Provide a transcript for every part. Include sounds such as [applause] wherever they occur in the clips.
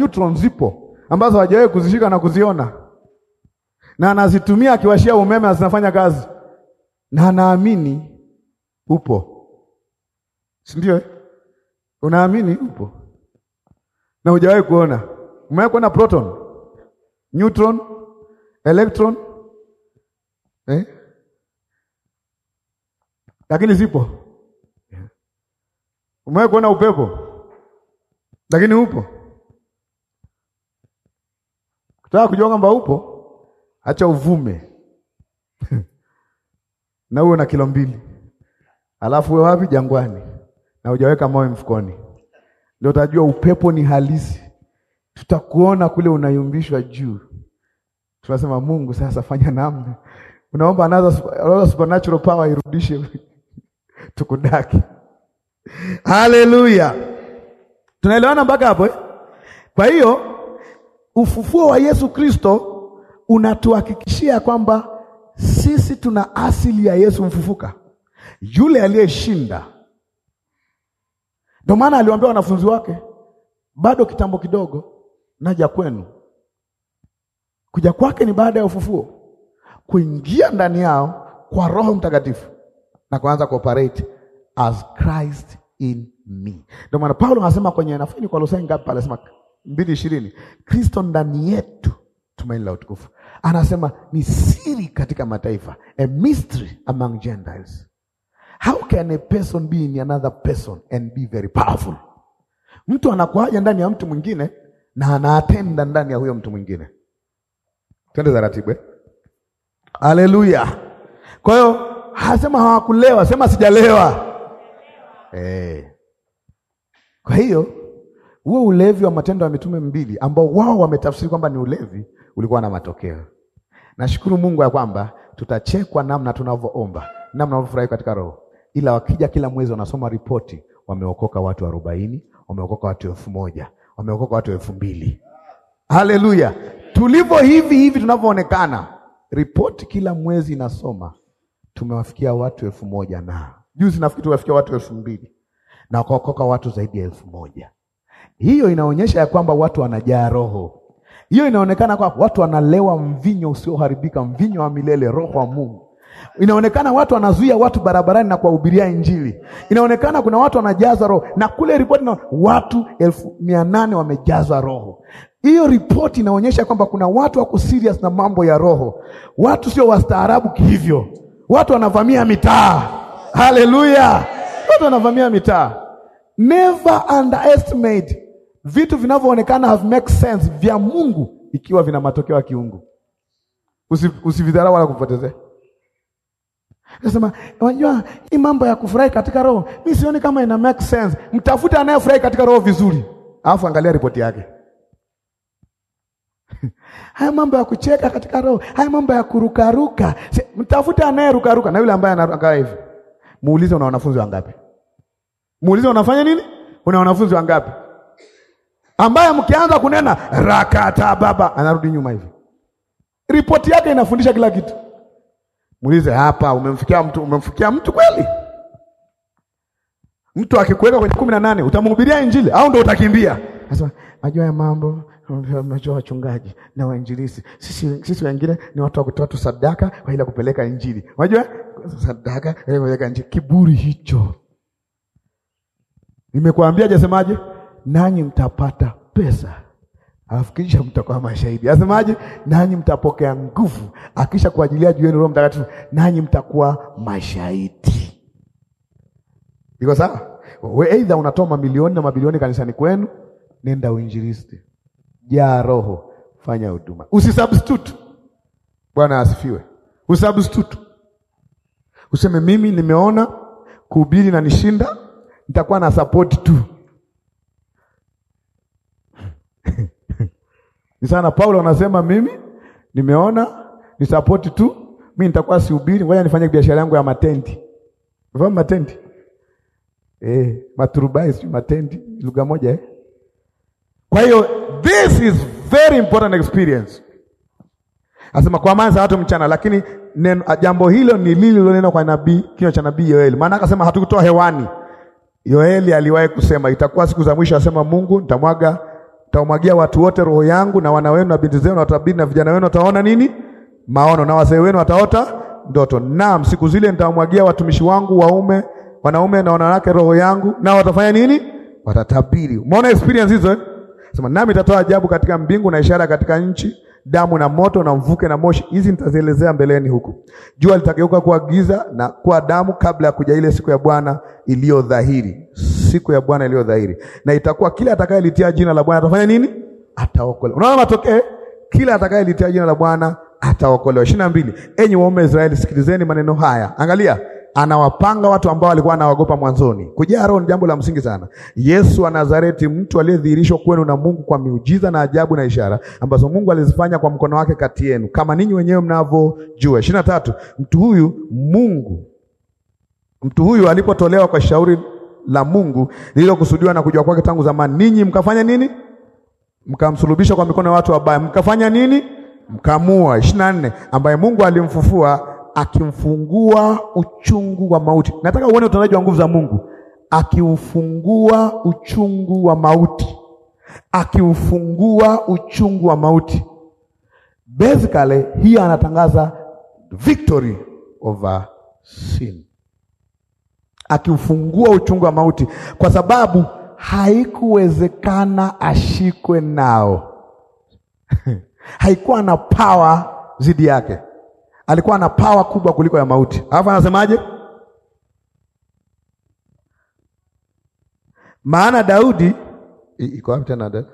neutron zipo ambazo hajawahi kuzishika na kuziona, na anazitumia akiwashia umeme na zinafanya kazi, na anaamini upo, si ndio eh? Unaamini upo na hujawahi kuona. Umewahi kuona proton, neutron, electron eh? Lakini zipo. Umewahi kuona upepo, lakini upo Ukitaka kujua kwamba upo, acha uvume [laughs] na uwe na kilo mbili, alafu uwe wapi? Jangwani, na hujaweka mawe mfukoni, ndio utajua upepo ni halisi. Tutakuona kule unayumbishwa juu, tunasema Mungu, sasa fanya namna. Unaomba another supernatural power irudishe [laughs] tukudaki. Haleluya, tunaelewana mpaka hapo eh? Kwa hiyo ufufuo wa Yesu Kristo unatuhakikishia kwamba sisi tuna asili ya Yesu mfufuka, yule aliyeshinda. Ndio maana aliwaambia wanafunzi wake, bado kitambo kidogo naja kwenu. Kuja kwake ni baada ya ufufuo, kuingia ndani yao kwa Roho Mtakatifu na kuanza kuoperate as Christ in me. Ndio maana Paulo anasema kwenye nafini kwa Kolosai ngapi pale anasema mbili ishirini Kristo ndani yetu tumaini la utukufu. Anasema ni siri katika mataifa, a mystery among Gentiles. How can a person be in another person and be very powerful? Mtu anakuaja ndani ya mtu mwingine na anaatenda ndani ya huyo mtu mwingine. Twende taratibu eh? Haleluya! Kwa hiyo hasema hawakulewa, sema sijalewa Hey. Eh. Kwa hiyo huo ulevi wa Matendo ya Mitume mbili ambao wao wametafsiri kwamba ni ulevi ulikuwa na matokeo. Nashukuru Mungu ya kwamba tutachekwa namna tunavyoomba, namna tunavyofurahi katika roho, ila wakija kila mwezi wanasoma ripoti, wameokoka watu arobaini, wameokoka watu elfu moja, wameokoka watu elfu mbili. Haleluya! Tulivyo hivi hivi tunavyoonekana, ripoti kila mwezi inasoma tumewafikia watu elfu moja na juzi nafikiri tumewafikia watu elfu mbili na wakaokoka watu zaidi ya elfu moja. Hiyo inaonyesha ya kwamba watu wanajaa roho. Hiyo inaonekana kwa watu wanalewa mvinyo usioharibika, mvinyo wa milele, roho wa Mungu. Inaonekana watu wanazuia watu barabarani na kuwahubiria Injili. Inaonekana kuna watu wanajaza roho, na kule ripoti na watu elfu mia nane wamejaza roho. Hiyo ripoti inaonyesha kwamba kuna watu wako serious na mambo ya roho. Watu sio wastaarabu hivyo, watu wanavamia mitaa. Haleluya, watu wanavamia mitaa. Never underestimate vitu vinavyoonekana have make sense vya Mungu ikiwa vina matokeo ya kiungu. Usividharau wala kupotezea. Nasema, unajua hii mambo ya kufurahi katika roho, mimi sioni kama ina make sense. Mtafute anayefurahi katika roho vizuri, alafu angalia ripoti yake. [laughs] Haya mambo ya kucheka katika roho, haya mambo ya kurukaruka, mtafute anayerukaruka na yule ambaye anaruka hivi. Muulize una wanafunzi wangapi? Muulize unafanya nini? Una wanafunzi wangapi? ambaye mkianza kunena rakata baba anarudi nyuma hivi. Ripoti yake inafundisha kila kitu. Muulize hapa, umemfikia mtu, umemfikia mtu kweli? Mtu akikuweka kwenye kumi na nane utamhubiria Injili au ndo utakimbia? Sasa najua ya mambo najua wachungaji na wainjilisi, sisi sisi wengine ni watu wa kutoa tu sadaka kwa ile kupeleka Injili. Unajua sadaka ile eh, kupeleka Injili, kiburi hicho. Nimekuambia, jasemaje? nanyi mtapata pesa, alafu kisha mtakuwa mashahidi. Asemaje? Nanyi mtapokea nguvu, akisha kuajilia juu yenu Roho Mtakatifu, nanyi mtakuwa mashahidi. Iko sawa? Wewe aidha unatoa mamilioni na mabilioni kanisani kwenu, nenda uinjilisti, jaa Roho, fanya huduma, usisubstitute. Bwana asifiwe. Usubstitute, useme mimi nimeona kuhubiri na nishinda, nitakuwa na support tu Ni sana Paulo anasema mimi nimeona ni support tu, mimi nitakuwa sihubiri, ngoja nifanye biashara yangu ya matendi. Unafahamu matendi? Eh, maturubai si matendi, lugha moja eh. Kwa hiyo this is very important experience. Anasema kwa maana za watu mchana, lakini neno jambo hilo ni lililonena kwa nabii, kinywa cha nabii Yoeli. Maana akasema hatukutoa hewani. Yoeli aliwahi kusema itakuwa siku za mwisho, asema Mungu nitamwaga Tawamwagia watu wote roho yangu, na wana wenu na binti zenu watatabiri, na vijana wenu wataona nini? Maono, na wazee wenu wataota ndoto. Naam, siku zile nitawamwagia watumishi wangu waume, wanaume na wanawake roho yangu, na watafanya nini? Watatabiri. Umeona experience hizo eh? Sema nami nitatoa ajabu katika mbingu na ishara katika nchi, damu na moto na mvuke na moshi. Hizi nitazielezea mbeleni huku. Jua litageuka kuwa giza na kuwa damu kabla ya kuja ile siku ya Bwana iliyo dhahiri siku ya Bwana iliyo dhahiri, na itakuwa kila atakayelitia jina la Bwana atafanya nini? Ataokolewa. Unaona matokeo, eh? kila atakayelitia jina la Bwana ataokolewa. ishirini na mbili. Enyi waume Israeli, sikilizeni maneno haya. Angalia, anawapanga watu ambao walikuwa anawaogopa mwanzoni. Kujaa Roho ni jambo la msingi sana. Yesu wa Nazareti, mtu aliyedhihirishwa kwenu na Mungu kwa miujiza na ajabu na ishara ambazo Mungu alizifanya kwa mkono wake kati yenu, kama ninyi wenyewe mnavyojua. ishirini na tatu. Mtu huyu Mungu, mtu huyu alipotolewa kwa shauri la Mungu lililokusudiwa na kujua kwake tangu zamani, ninyi mkafanya nini? Mkamsulubisha kwa mikono ya watu wabaya, mkafanya nini? Mkamua. ishirini na nne, ambaye Mungu alimfufua akimfungua uchungu wa mauti. Nataka uone utendaji wa nguvu za Mungu, akiufungua uchungu wa mauti, akiufungua uchungu wa mauti. Basically hii anatangaza victory over sin akiufungua uchungu wa mauti, kwa sababu haikuwezekana ashikwe nao. [laughs] haikuwa na pawa zidi yake, alikuwa na pawa kubwa kuliko ya mauti. Alafu anasemaje? Maana Daudi iko wapi tena da?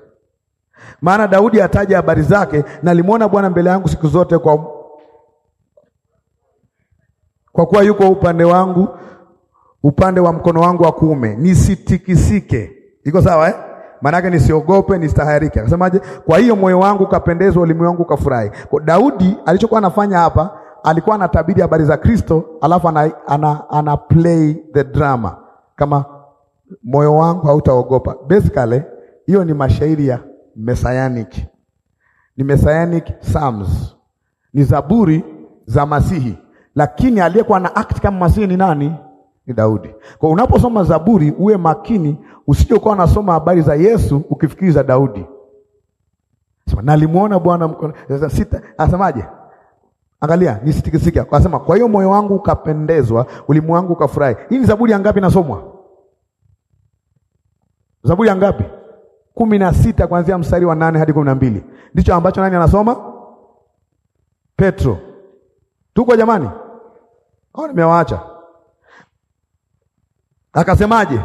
Maana Daudi ataja habari zake, nalimwona Bwana mbele yangu siku zote, kwa kwa kuwa yuko upande wangu upande wa mkono wangu wa kuume nisitikisike. Iko sawa eh? Maanake nisiogope, nistahayarike. Akasemaje? Kwa hiyo moyo wangu ukapendezwa, ulimi wangu ukafurahi. Kwa Daudi alichokuwa anafanya hapa, alikuwa anatabiri habari za Kristo, alafu ana, ana, ana play the drama kama moyo wangu hautaogopa. Basically hiyo ni mashairi ya messianic, ni messianic psalms, ni zaburi za Masihi, lakini aliyekuwa na act kama Masihi ni nani? ni Daudi. Kwa unaposoma Zaburi uwe makini, usije ukawa unasoma habari za Yesu ukifikiri za Daudi. Sema nalimuona Bwana mkono sita, asemaje? Angalia, nisitikisike. Akasema kwa hiyo moyo wangu ukapendezwa, ulimi wangu ukafurahi. Hii ni Zaburi ya ngapi inasomwa? Zaburi ya ngapi? kumi na sita kuanzia mstari wa nane hadi kumi na mbili ndicho ambacho nani anasoma? Petro. Tuko jamani? Au nimewaacha? Akasemaje?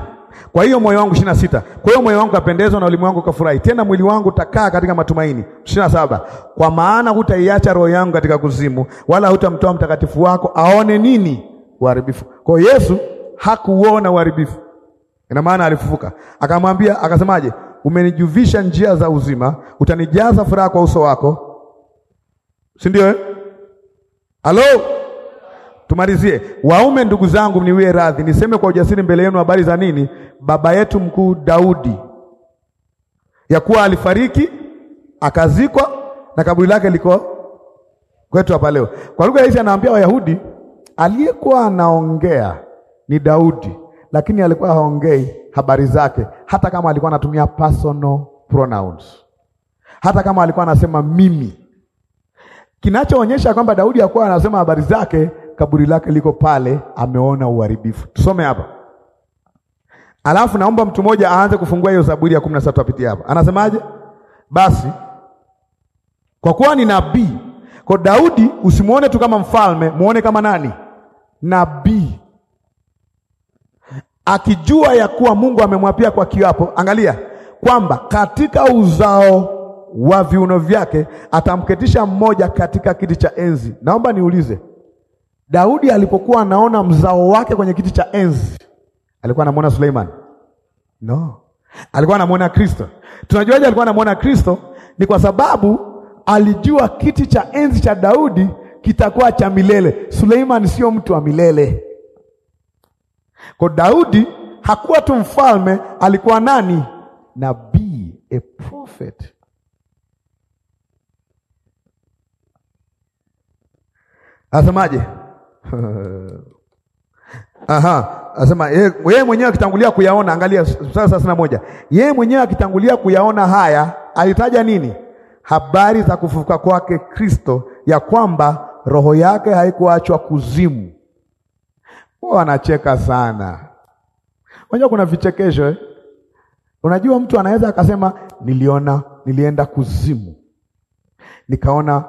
Kwa hiyo moyo wangu ishirini na sita. Kwa hiyo moyo wangu kapendezwa na ulimi wangu kafurahi tena mwili wangu utakaa katika matumaini. ishirini na saba. Kwa maana hutaiacha roho yangu katika kuzimu, wala hutamtoa mtakatifu wako aone nini? Uharibifu. Kwa hiyo Yesu hakuona uharibifu, ina maana alifufuka. Akamwambia, akasemaje? Umenijuvisha njia za uzima, utanijaza furaha kwa uso wako, si ndio? Eh? Halo Tumalizie. Waume ndugu zangu, mniwie radhi niseme kwa ujasiri mbele yenu habari za nini, baba yetu mkuu Daudi, ya kuwa alifariki akazikwa na kaburi lake liko kwetu hapa leo. Kwa lugha hizi anaambia Wayahudi aliyekuwa anaongea ni Daudi, lakini alikuwa haongei habari zake, hata kama alikuwa anatumia personal pronouns, hata kama alikuwa anasema mimi, kinachoonyesha kwamba Daudi alikuwa anasema habari zake kaburi lake liko pale, ameona uharibifu. Tusome hapa, alafu naomba mtu mmoja aanze kufungua hiyo Zaburi ya kumi na saba apitie hapa, anasemaje? Basi kwa kuwa ni nabii, kwa Daudi usimuone tu kama mfalme, muone kama nani? Nabii, akijua ya kuwa Mungu amemwapia kwa kiapo. Angalia kwamba katika uzao wa viuno vyake atamketisha mmoja katika kiti cha enzi. Naomba niulize Daudi alipokuwa anaona mzao wake kwenye kiti cha enzi, alikuwa anamwona Suleiman? No, alikuwa anamwona Kristo. Tunajuaje alikuwa anamwona Kristo? Ni kwa sababu alijua kiti cha enzi cha Daudi kitakuwa cha milele. Suleiman sio mtu wa milele. Kwa Daudi hakuwa tu mfalme, alikuwa nani? Nabii, a prophet. Asemaje? [laughs] Aha, asema yeye mwenyewe akitangulia kuyaona, angalia sura thelathini na moja. Yeye mwenyewe akitangulia kuyaona haya, alitaja nini? Habari za kufufuka kwake Kristo, ya kwamba roho yake haikuachwa kuzimu. Wanacheka sana. Unajua kuna vichekesho eh? Unajua mtu anaweza akasema niliona, nilienda kuzimu nikaona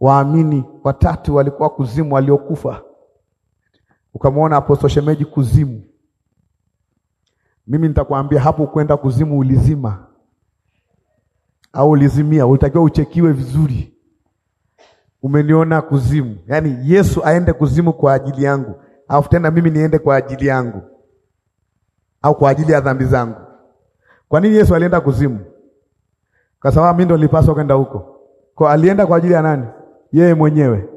waamini watatu walikuwa kuzimu waliokufa ukamwona Apostol Shemeji kuzimu, mimi nitakwambia hapo, kwenda kuzimu ulizima au ulizimia? Ulitakiwa uchekiwe vizuri. Umeniona kuzimu, yaani Yesu aende kuzimu kwa ajili yangu, alafu tena mimi niende kwa ajili yangu au kwa ajili ya dhambi zangu. Kwa nini Yesu alienda kuzimu? Kwa sababu mimi ndo nilipaswa kwenda huko. Kwa alienda kwa ajili ya nani? Yeye mwenyewe.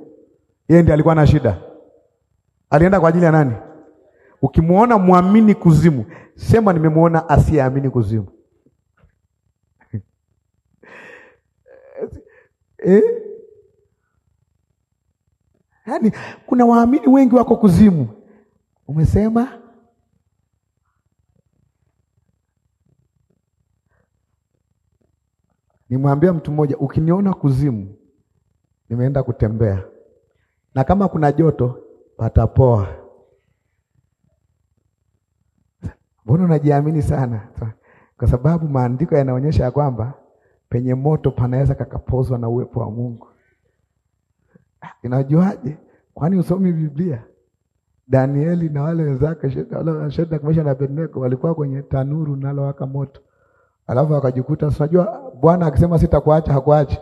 Yeye ndiye alikuwa na shida alienda kwa ajili ya nani? Ukimwona mwamini kuzimu, sema nimemwona asiyeamini kuzimu. [laughs] Eh? Yaani kuna waamini wengi wako kuzimu. Umesema nimwambia mtu mmoja, ukiniona kuzimu nimeenda kutembea, na kama kuna joto watapoa Mbona unajiamini sana? Kwa sababu maandiko yanaonyesha ya kwamba penye moto panaweza kakapozwa na uwepo wa Mungu. Inajuaje? Kwani usomi Biblia? Danieli na wale wenzake Shadraka, Meshaki na Abednego walikuwa kwenye tanuru nalowaka moto, alafu wakajikuta. Unajua Bwana akisema sitakuacha hakuachi,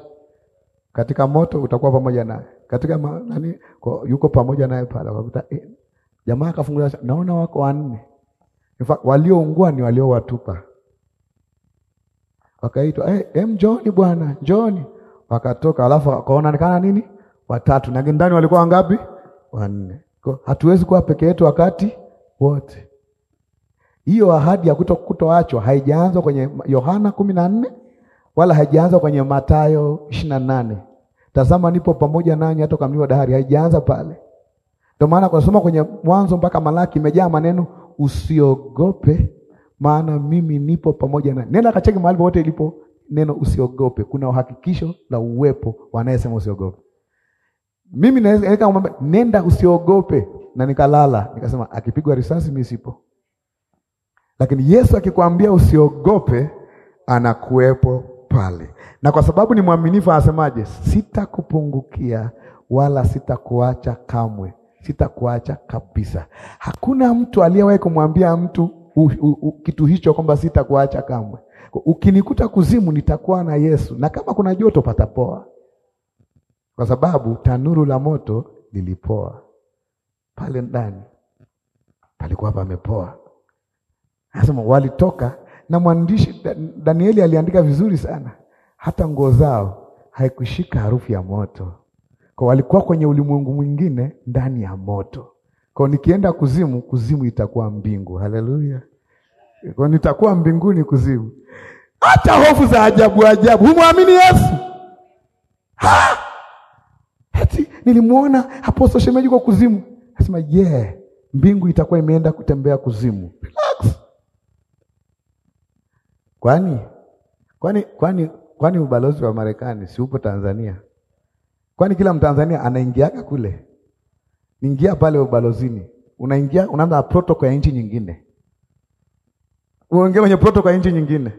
katika moto utakuwa pamoja naye katika ma, nani kwa, yuko pamoja naye pale akakuta eh, jamaa akafungua naona wako wanne. walioungua ni waliowatupa, wakaitwa eh, eh, njoni bwana, njoni. Wakatoka alafu wakaonekana nini, watatu, na ndani walikuwa wangapi? Wanne. Kwa hatuwezi kuwa peke yetu wakati wote. Hiyo ahadi ya kutokutoachwa haijaanza kwenye Yohana kumi na nne wala haijaanza kwenye Mathayo ishirini na nane Tazama nipo pamoja nanyi hata ukamiliwa dahari. Haijaanza pale. Ndio maana kunasoma kwenye Mwanzo mpaka Malaki imejaa maneno usiogope, maana mimi nipo pamoja nanyi. Nenda kacheki mahali popote ilipo neno usiogope, kuna uhakikisho la uwepo wanayesema usiogope. Mimi naweza nenda usiogope, na nikalala nikasema, akipigwa risasi mimi sipo. Lakini Yesu akikwambia usiogope, anakuwepo pale, na kwa sababu ni mwaminifu anasemaje? Sitakupungukia wala sitakuacha kamwe, sitakuacha kabisa. Hakuna mtu aliyewahi kumwambia mtu u, u, u, kitu hicho kwamba sitakuacha kamwe. Ukinikuta kuzimu, nitakuwa na Yesu, na kama kuna joto patapoa, kwa sababu tanuru la moto lilipoa pale ndani, palikuwa pamepoa. Anasema walitoka na mwandishi Danieli aliandika vizuri sana, hata nguo zao haikushika harufu ya moto, kwa walikuwa kwenye ulimwengu mwingine ndani ya moto. Kwa nikienda kuzimu, kuzimu itakuwa mbingu. Haleluya! Kwa nitakuwa mbinguni kuzimu. Hata hofu za ajabu ajabu, humwamini Yesu. Ha! Hati nilimuona hapo social kwa kuzimu, nasema je, yeah, mbingu itakuwa imeenda kutembea kuzimu? Kwani kwani kwani kwani ubalozi wa Marekani si upo Tanzania? Kwani kila Mtanzania anaingiaga kule? Ningia pale ubalozini, unaingia unaanza protocol ya nchi nyingine, uongee kwenye protocol ya nchi nyingine.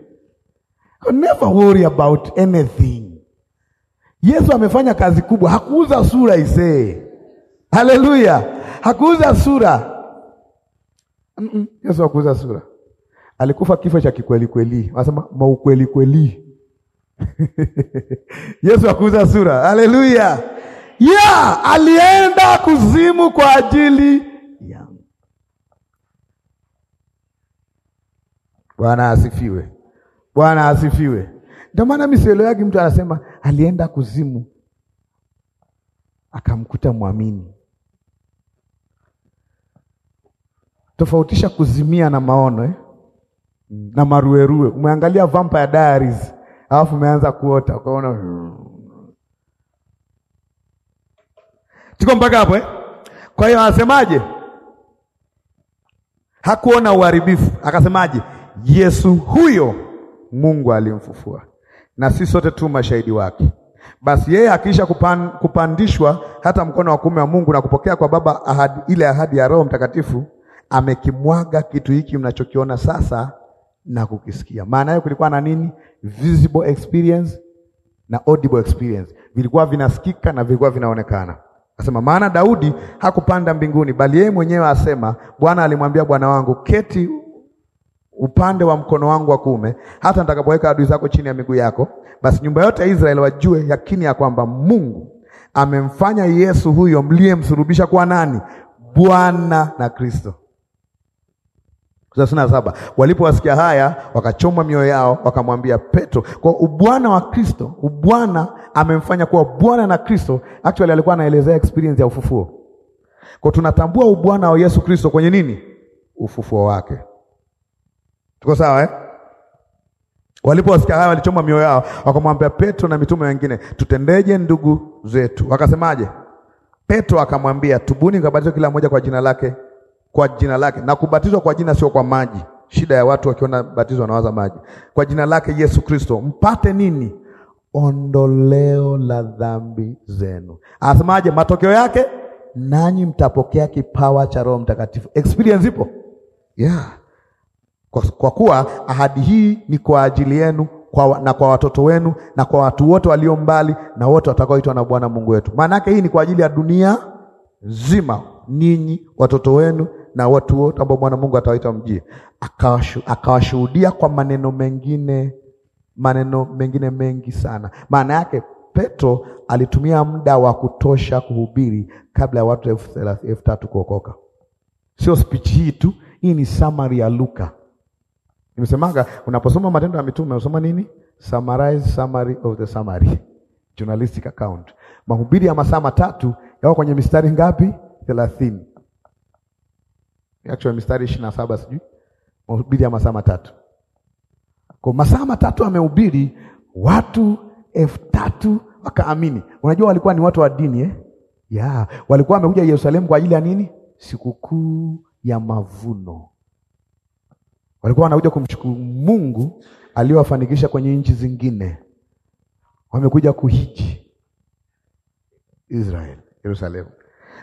Never worry about anything. Yesu amefanya kazi kubwa, hakuuza sura isee. Haleluya, hakuuza sura. Mm -mm. Yesu hakuuza sura. Alikufa kifo cha kikweli kweli. Anasema maukweli kweli. [laughs] Yesu akuza sura. Haleluya. Yeah, alienda kuzimu kwa ajili yangu. Bwana asifiwe. Bwana asifiwe. Ndio maana misielo yake mtu anasema alienda kuzimu akamkuta mwamini. Tofautisha kuzimia na maono eh? na maruerue. Umeangalia Vampire Diaries alafu umeanza kuota ukaona tuko mpaka hapo eh? Kwa hiyo anasemaje? Hakuona uharibifu, akasemaje? Yesu huyo Mungu alimfufua, na si sote tu mashahidi wake. Basi yeye akiisha kupan, kupandishwa hata mkono wa kuume wa Mungu na kupokea kwa Baba ahadi, ile ahadi ya Roho Mtakatifu, amekimwaga kitu hiki mnachokiona sasa na kukisikia. Maana yake kulikuwa na nini? Visible experience na audible experience, vilikuwa vinasikika na vilikuwa vinaonekana. Asema maana Daudi hakupanda mbinguni, bali yeye mwenyewe asema, Bwana alimwambia Bwana wangu, keti upande wa mkono wangu wa kuume, hata nitakapoweka adui zako chini ya miguu yako. Basi nyumba yote ya Israeli wajue yakini ya kwamba Mungu amemfanya Yesu huyo mliyemsulubisha kuwa nani? Bwana na Kristo thelathini na saba walipowasikia haya wakachoma mioyo yao, wakamwambia Petro. Kwa ubwana wa Kristo, ubwana amemfanya kuwa bwana na Kristo. Actually alikuwa anaelezea experience ya ufufuo. Kwa tunatambua ubwana wa Yesu Kristo kwenye nini? Ufufuo wake. Tuko sawa eh? Walipowasikia haya walichoma mioyo yao, wakamwambia Petro na mitume wengine, tutendeje ndugu zetu? Wakasemaje? Petro akamwambia, tubuni mkabatizwe kila mmoja kwa jina lake kwa jina lake na kubatizwa kwa jina, sio kwa maji. Shida ya watu wakiona batizo wanawaza maji. Kwa jina lake Yesu Kristo mpate nini? Ondoleo la dhambi zenu. Asemaje matokeo yake? Nanyi mtapokea kipawa cha Roho Mtakatifu. Experience ipo yeah. Kwa, kwa kuwa ahadi hii ni kwa ajili yenu kwa, na kwa watoto wenu na kwa watu wote walio mbali na wote watakaoitwa na Bwana Mungu wetu. Maana yake hii ni kwa ajili ya dunia nzima, ninyi, watoto wenu na watu wote ambao Bwana Mungu atawaita mjie. Akawashuhudia kwa maneno mengine, maneno mengine mengi sana. Maana yake Petro alitumia muda wa kutosha kuhubiri kabla ya watu elfu tatu kuokoka. Sio spichi hii tu, hii ni summary ya Luka. Nimesemaga unaposoma Matendo ya Mitume unasoma nini? Summarize summary of the summary, journalistic account. Mahubiri ya masaa matatu yao kwenye mistari ngapi? thelathini actually mistari ishirini na saba sijui mahubiri ya masaa matatu. Kwa masaa matatu amehubiri watu elfu tatu wakaamini. Unajua walikuwa ni watu wa dini eh? ya walikuwa wamekuja Yerusalemu kwa ajili ya nini? Sikukuu ya mavuno. Walikuwa wanakuja kumshukuru Mungu aliyowafanikisha kwenye nchi zingine, wamekuja kuhiji israel Yerusalemu.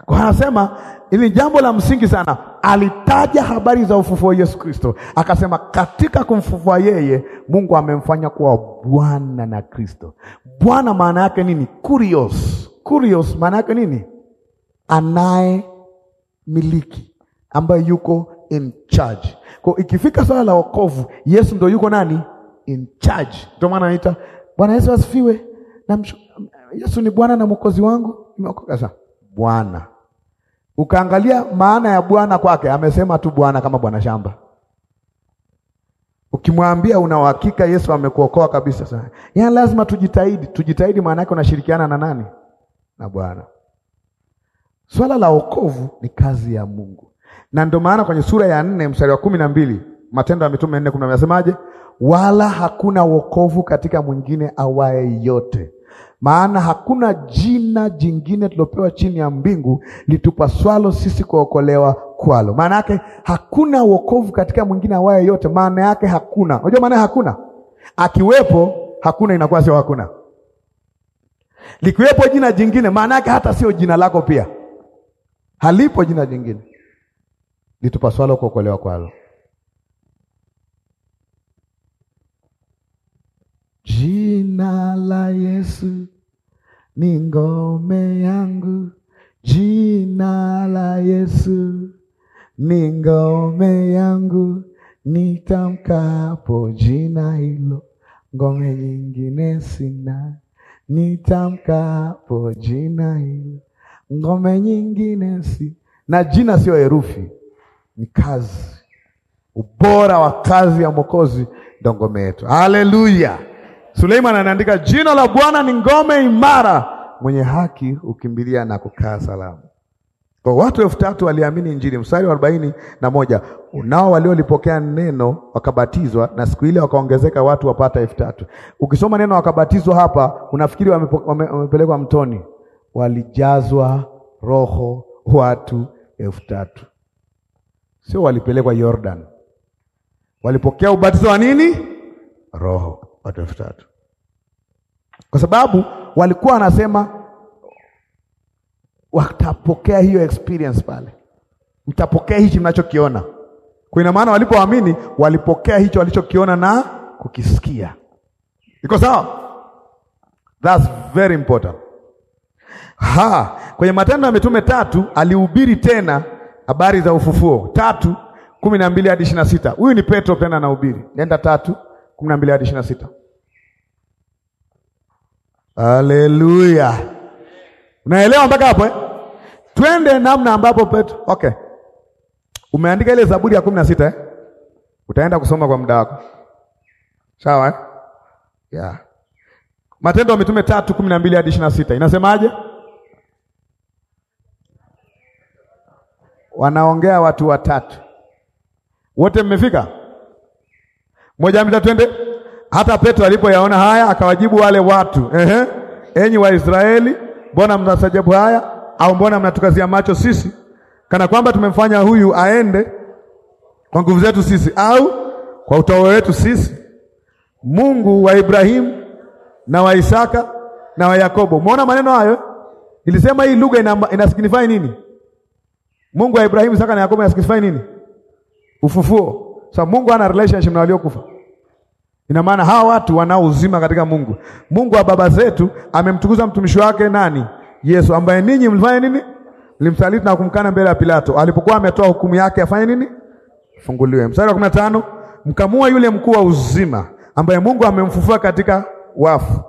Kwa anasema ili jambo la msingi sana, alitaja habari za ufufuo wa Yesu Kristo, akasema katika kumfufua yeye Mungu amemfanya kuwa Bwana na Kristo. Bwana maana yake nini? Kurios, kurios maana yake nini? Anaye miliki, ambaye yuko in charge. Kwa ikifika swala la wokovu, Yesu ndio yuko nani in charge. Ndio maana anaita Bwana Yesu asifiwe, na Yesu ni Bwana na mwokozi wangu, nimeokoka sana. Bwana. Ukaangalia maana ya Bwana kwake, amesema tu Bwana kama bwana shamba. Ukimwambia una uhakika Yesu amekuokoa kabisa sana. Yaani lazima tujitahidi, tujitahidi maana yake unashirikiana na nani? Na Bwana. Swala la wokovu ni kazi ya Mungu. Na ndio maana kwenye sura ya nne mstari wa kumi na mbili Matendo ya Mitume nne kumi na mbili Wala hakuna wokovu katika mwingine awaye yote maana hakuna jina jingine tulopewa chini ya mbingu litupaswalo sisi kuokolewa kwalo. Maana yake hakuna wokovu katika mwingine awaye yote. Maana yake hakuna, unajua maana hakuna, akiwepo hakuna inakuwa sio hakuna. Likiwepo jina jingine, maana yake hata sio jina lako pia, halipo jina jingine litupaswalo kuokolewa kwalo. Jina la Yesu ni ngome yangu, jina la Yesu ni ngome yangu, nitamkapo jina hilo, ngome nyingine sina, nitamkapo jina hilo, ngome nyingine si na jina sio herufi, ni kazi. Ubora wa kazi ya Mwokozi ndo ngome yetu. Haleluya! Suleiman anaandika jina la Bwana ni ngome imara, mwenye haki ukimbilia na kukaa salama. Kwa watu elfu tatu waliamini Injili, mstari wa arobaini na moja nao waliolipokea neno wakabatizwa, na siku ile wakaongezeka watu wapata elfu tatu. Ukisoma neno wakabatizwa hapa, unafikiri wamepelekwa wame mtoni? Walijazwa Roho watu elfu tatu, sio walipelekwa Yordan. Walipokea ubatizo wa nini? Roho watu elfu tatu kwa sababu walikuwa wanasema watapokea hiyo experience pale, mtapokea hichi mnachokiona. Kwa ina maana walipoamini walipokea hicho walichokiona na kukisikia. Iko sawa? That's very important. Ha, kwenye Matendo ya Mitume tatu alihubiri tena habari za ufufuo tatu kumi na mbili hadi ishirini na sita. Huyu ni Petro tena anahubiri, nenda tatu kumi na mbili hadi ishirini na sita Haleluya, unaelewa mpaka hapo eh? Twende namna ambapo Petro okay, umeandika ile Zaburi ya kumi na sita eh? Utaenda kusoma kwa muda wako sawa eh? yeah. Matendo ya Mitume tatu kumi na mbili hadi ishirini na sita inasemaje? Wanaongea watu watatu wote, mmefika moja mita twende. Hata Petro alipoyaona haya akawajibu wale watu, ehe, enyi Waisraeli, mbona mnasajabu haya? Au mbona mnatukazia macho sisi, kana kwamba tumemfanya huyu aende kwa nguvu zetu sisi au kwa utawala wetu sisi? Mungu wa Ibrahimu na wa Isaka na wa Yakobo. Muona maneno hayo, ilisema hii lugha ina, ina signify nini? Mungu wa Ibrahimu, Isaka na Yakobo ina signify nini? Ufufuo So, Mungu ana relationship na waliokufa. Ina maana hawa watu wanao uzima katika Mungu. Mungu wa baba zetu amemtukuza mtumishi wake nani? Yesu ambaye ninyi mlifanya nini? Mlimsaliti na kumkana mbele ya Pilato alipokuwa ametoa hukumu yake afanye nini? Funguliwe. Mstari wa 15, mkamua yule mkuu wa uzima ambaye Mungu amemfufua katika wafu.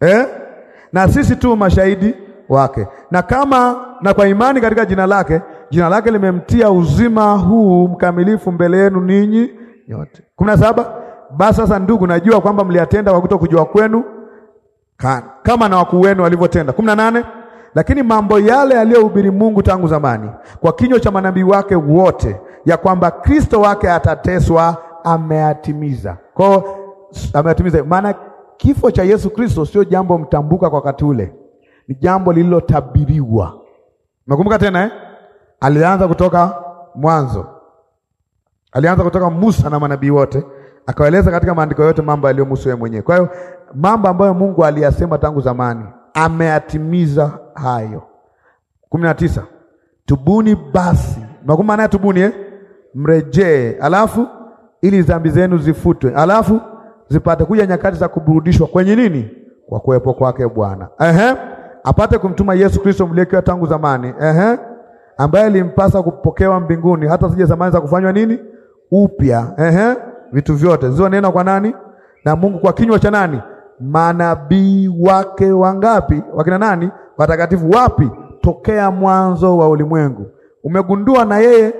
Eh? Na sisi tu mashahidi wake. Na kama na kwa imani katika jina lake jina lake limemtia uzima huu mkamilifu mbele yenu ninyi nyote. kumi na saba. Basi sasa, ndugu, najua kwamba mliyatenda kwa kuto kujua kwenu kama na wakuu wenu walivyotenda. kumi na nane. Lakini mambo yale aliyohubiri Mungu tangu zamani kwa kinywa cha manabii wake wote, ya kwamba Kristo wake atateswa, ameatimiza Kwa ameatimiza, maana kifo cha Yesu Kristo sio jambo mtambuka kwa wakati ule, ni jambo lililotabiriwa. Nakumbuka tena eh? alianza kutoka mwanzo, alianza kutoka Musa na manabii wote, akawaeleza katika maandiko yote mambo yaliyomhusu yeye mwenyewe. Kwa hiyo mambo ambayo Mungu aliyasema tangu zamani ameyatimiza hayo. kumi na tisa, tubuni basi. Makumi naye ya tubuni eh? Mrejee alafu ili dhambi zenu zifutwe, alafu zipate kuja nyakati za kuburudishwa kwenye nini? Kwa kuwepo kwake Bwana, ehe, apate kumtuma Yesu Kristo mliyekiwa tangu zamani, ehe ambaye limpasa kupokewa mbinguni hata sije zamani za kufanywa nini upya. Ehe, vitu vyote zilizonena kwa nani? Na Mungu kwa kinywa cha nani? Manabii wake wangapi? Wakina nani? Watakatifu wapi? Tokea mwanzo wa ulimwengu. Umegundua na yeye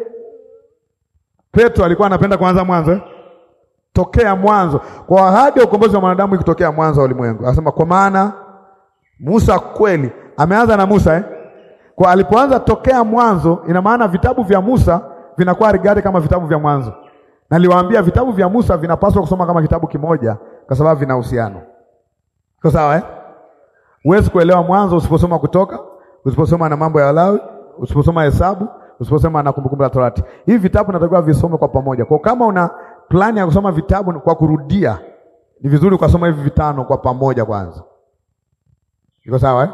Petro alikuwa anapenda kuanza mwanzo eh? Tokea mwanzo, kwa ahadi ya ukombozi wa mwanadamu ikitokea mwanzo wa ulimwengu, anasema kwa maana Musa kweli ameanza na Musa eh? Kwa alipoanza tokea mwanzo, ina maana vitabu vya Musa vinakuwa rigade kama vitabu vya mwanzo. Naliwaambia vitabu vya Musa vinapaswa kusoma kama kitabu kimoja kwa sababu vina uhusiano. Kwa sawa eh? Uwezi kuelewa mwanzo usiposoma Kutoka, usiposoma na mambo ya Walawi, usiposoma Hesabu, usiposoma na Kumbukumbu la Torati. Hivi vitabu natakiwa visome kwa pamoja. Kwa kama una plani ya kusoma vitabu kwa kurudia, ni vizuri ukasoma hivi vitano kwa pamoja kwanza. Iko sawa eh?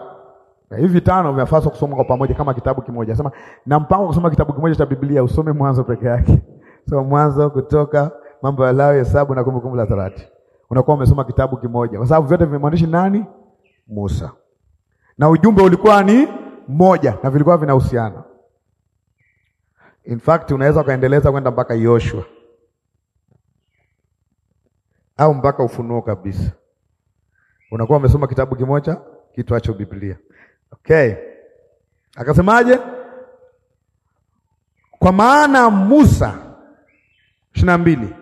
na hivi tano vinapaswa kusoma kwa pamoja kama kitabu kimoja. Sema na mpango kusoma kitabu kimoja cha Biblia, usome mwanzo peke yake. So mwanzo, kutoka, mambo ya Lawi, hesabu na kumbukumbu la Torati, unakuwa umesoma kitabu kimoja, kwa sababu vyote vimemwandishi nani? Musa, na ujumbe ulikuwa ni moja na vilikuwa vinahusiana. In fact unaweza ukaendeleza kwenda mpaka Yoshua au mpaka Ufunuo kabisa, unakuwa umesoma kitabu kimoja kitwacho Biblia. Okay, akasemaje? Kwa maana Musa ishirini na mbili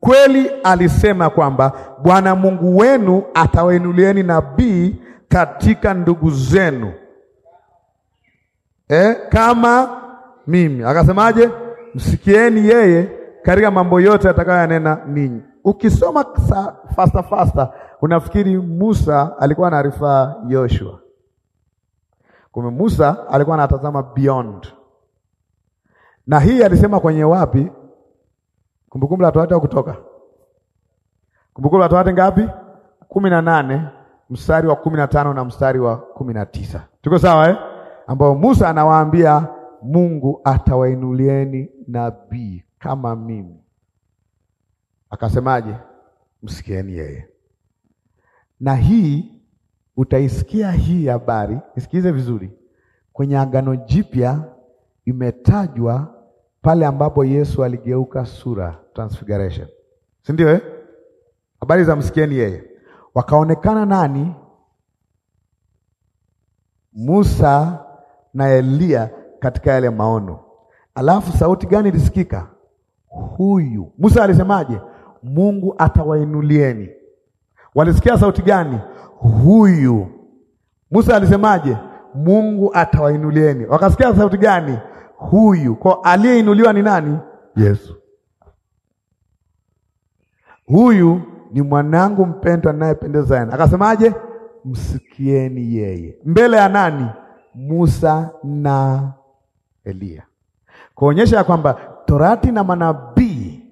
kweli alisema kwamba Bwana Mungu wenu atawainulieni nabii katika ndugu zenu eh, kama mimi. Akasemaje? Msikieni yeye katika mambo yote atakayoyanena ninyi. Ukisoma fasta fasta unafikiri Musa alikuwa anarifaa Yoshua Kumbe Musa alikuwa anatazama beyond, na hii alisema kwenye wapi? Kumbukumbu la Torati au Kutoka? Kumbukumbu la Torati ngapi? kumi na nane mstari wa kumi na tano na mstari wa kumi na tisa tuko sawa eh? ambao Musa anawaambia Mungu atawainulieni nabii kama mimi. Akasemaje? Msikieni yeye. Na hii Utaisikia hii habari, nisikize vizuri. Kwenye Agano Jipya imetajwa pale ambapo Yesu aligeuka sura, transfiguration, si ndio eh? Habari za msikieni yeye. Wakaonekana nani? Musa na Eliya katika yale maono. Alafu sauti gani ilisikika? Huyu Musa alisemaje? Mungu atawainulieni walisikia sauti gani? Huyu Musa alisemaje? Mungu atawainulieni. Wakasikia sauti gani? Huyu. Kwa aliyeinuliwa ni nani? Yesu. Huyu ni mwanangu mpendwa ninayependeza yana. Akasemaje? Msikieni yeye. Mbele ya nani? Musa na Eliya, kuonyesha ya kwamba Torati na manabii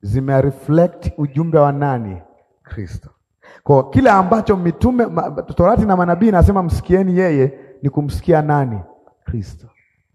zimereflect ujumbe wa nani? Kristo. Kwa kile ambacho mitume Torati na manabii nasema msikieni yeye, ni kumsikia nani? Kristo.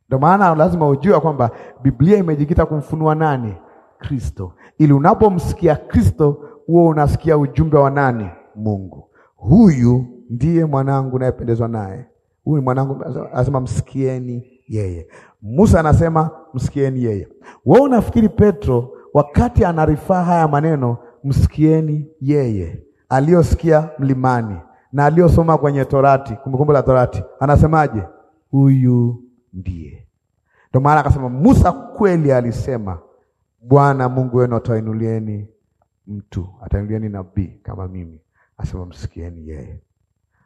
Ndio maana lazima ujue kwamba Biblia imejikita kumfunua nani? Kristo, ili unapomsikia Kristo huo unasikia ujumbe wa nani? Mungu. Huyu ndiye mwanangu nayependezwa naye, huyu ni mwanangu. nasema msikieni yeye. Musa anasema msikieni yeye. Wewe unafikiri Petro wakati anarifaa haya maneno msikieni yeye aliyosikia mlimani na aliyosoma kwenye Torati, Kumbukumbu la Torati, anasemaje? Huyu ndiye. Ndio maana akasema Musa kweli alisema, Bwana Mungu wenu atainulieni mtu, atainulieni nabii kama mimi, asema msikieni yeye.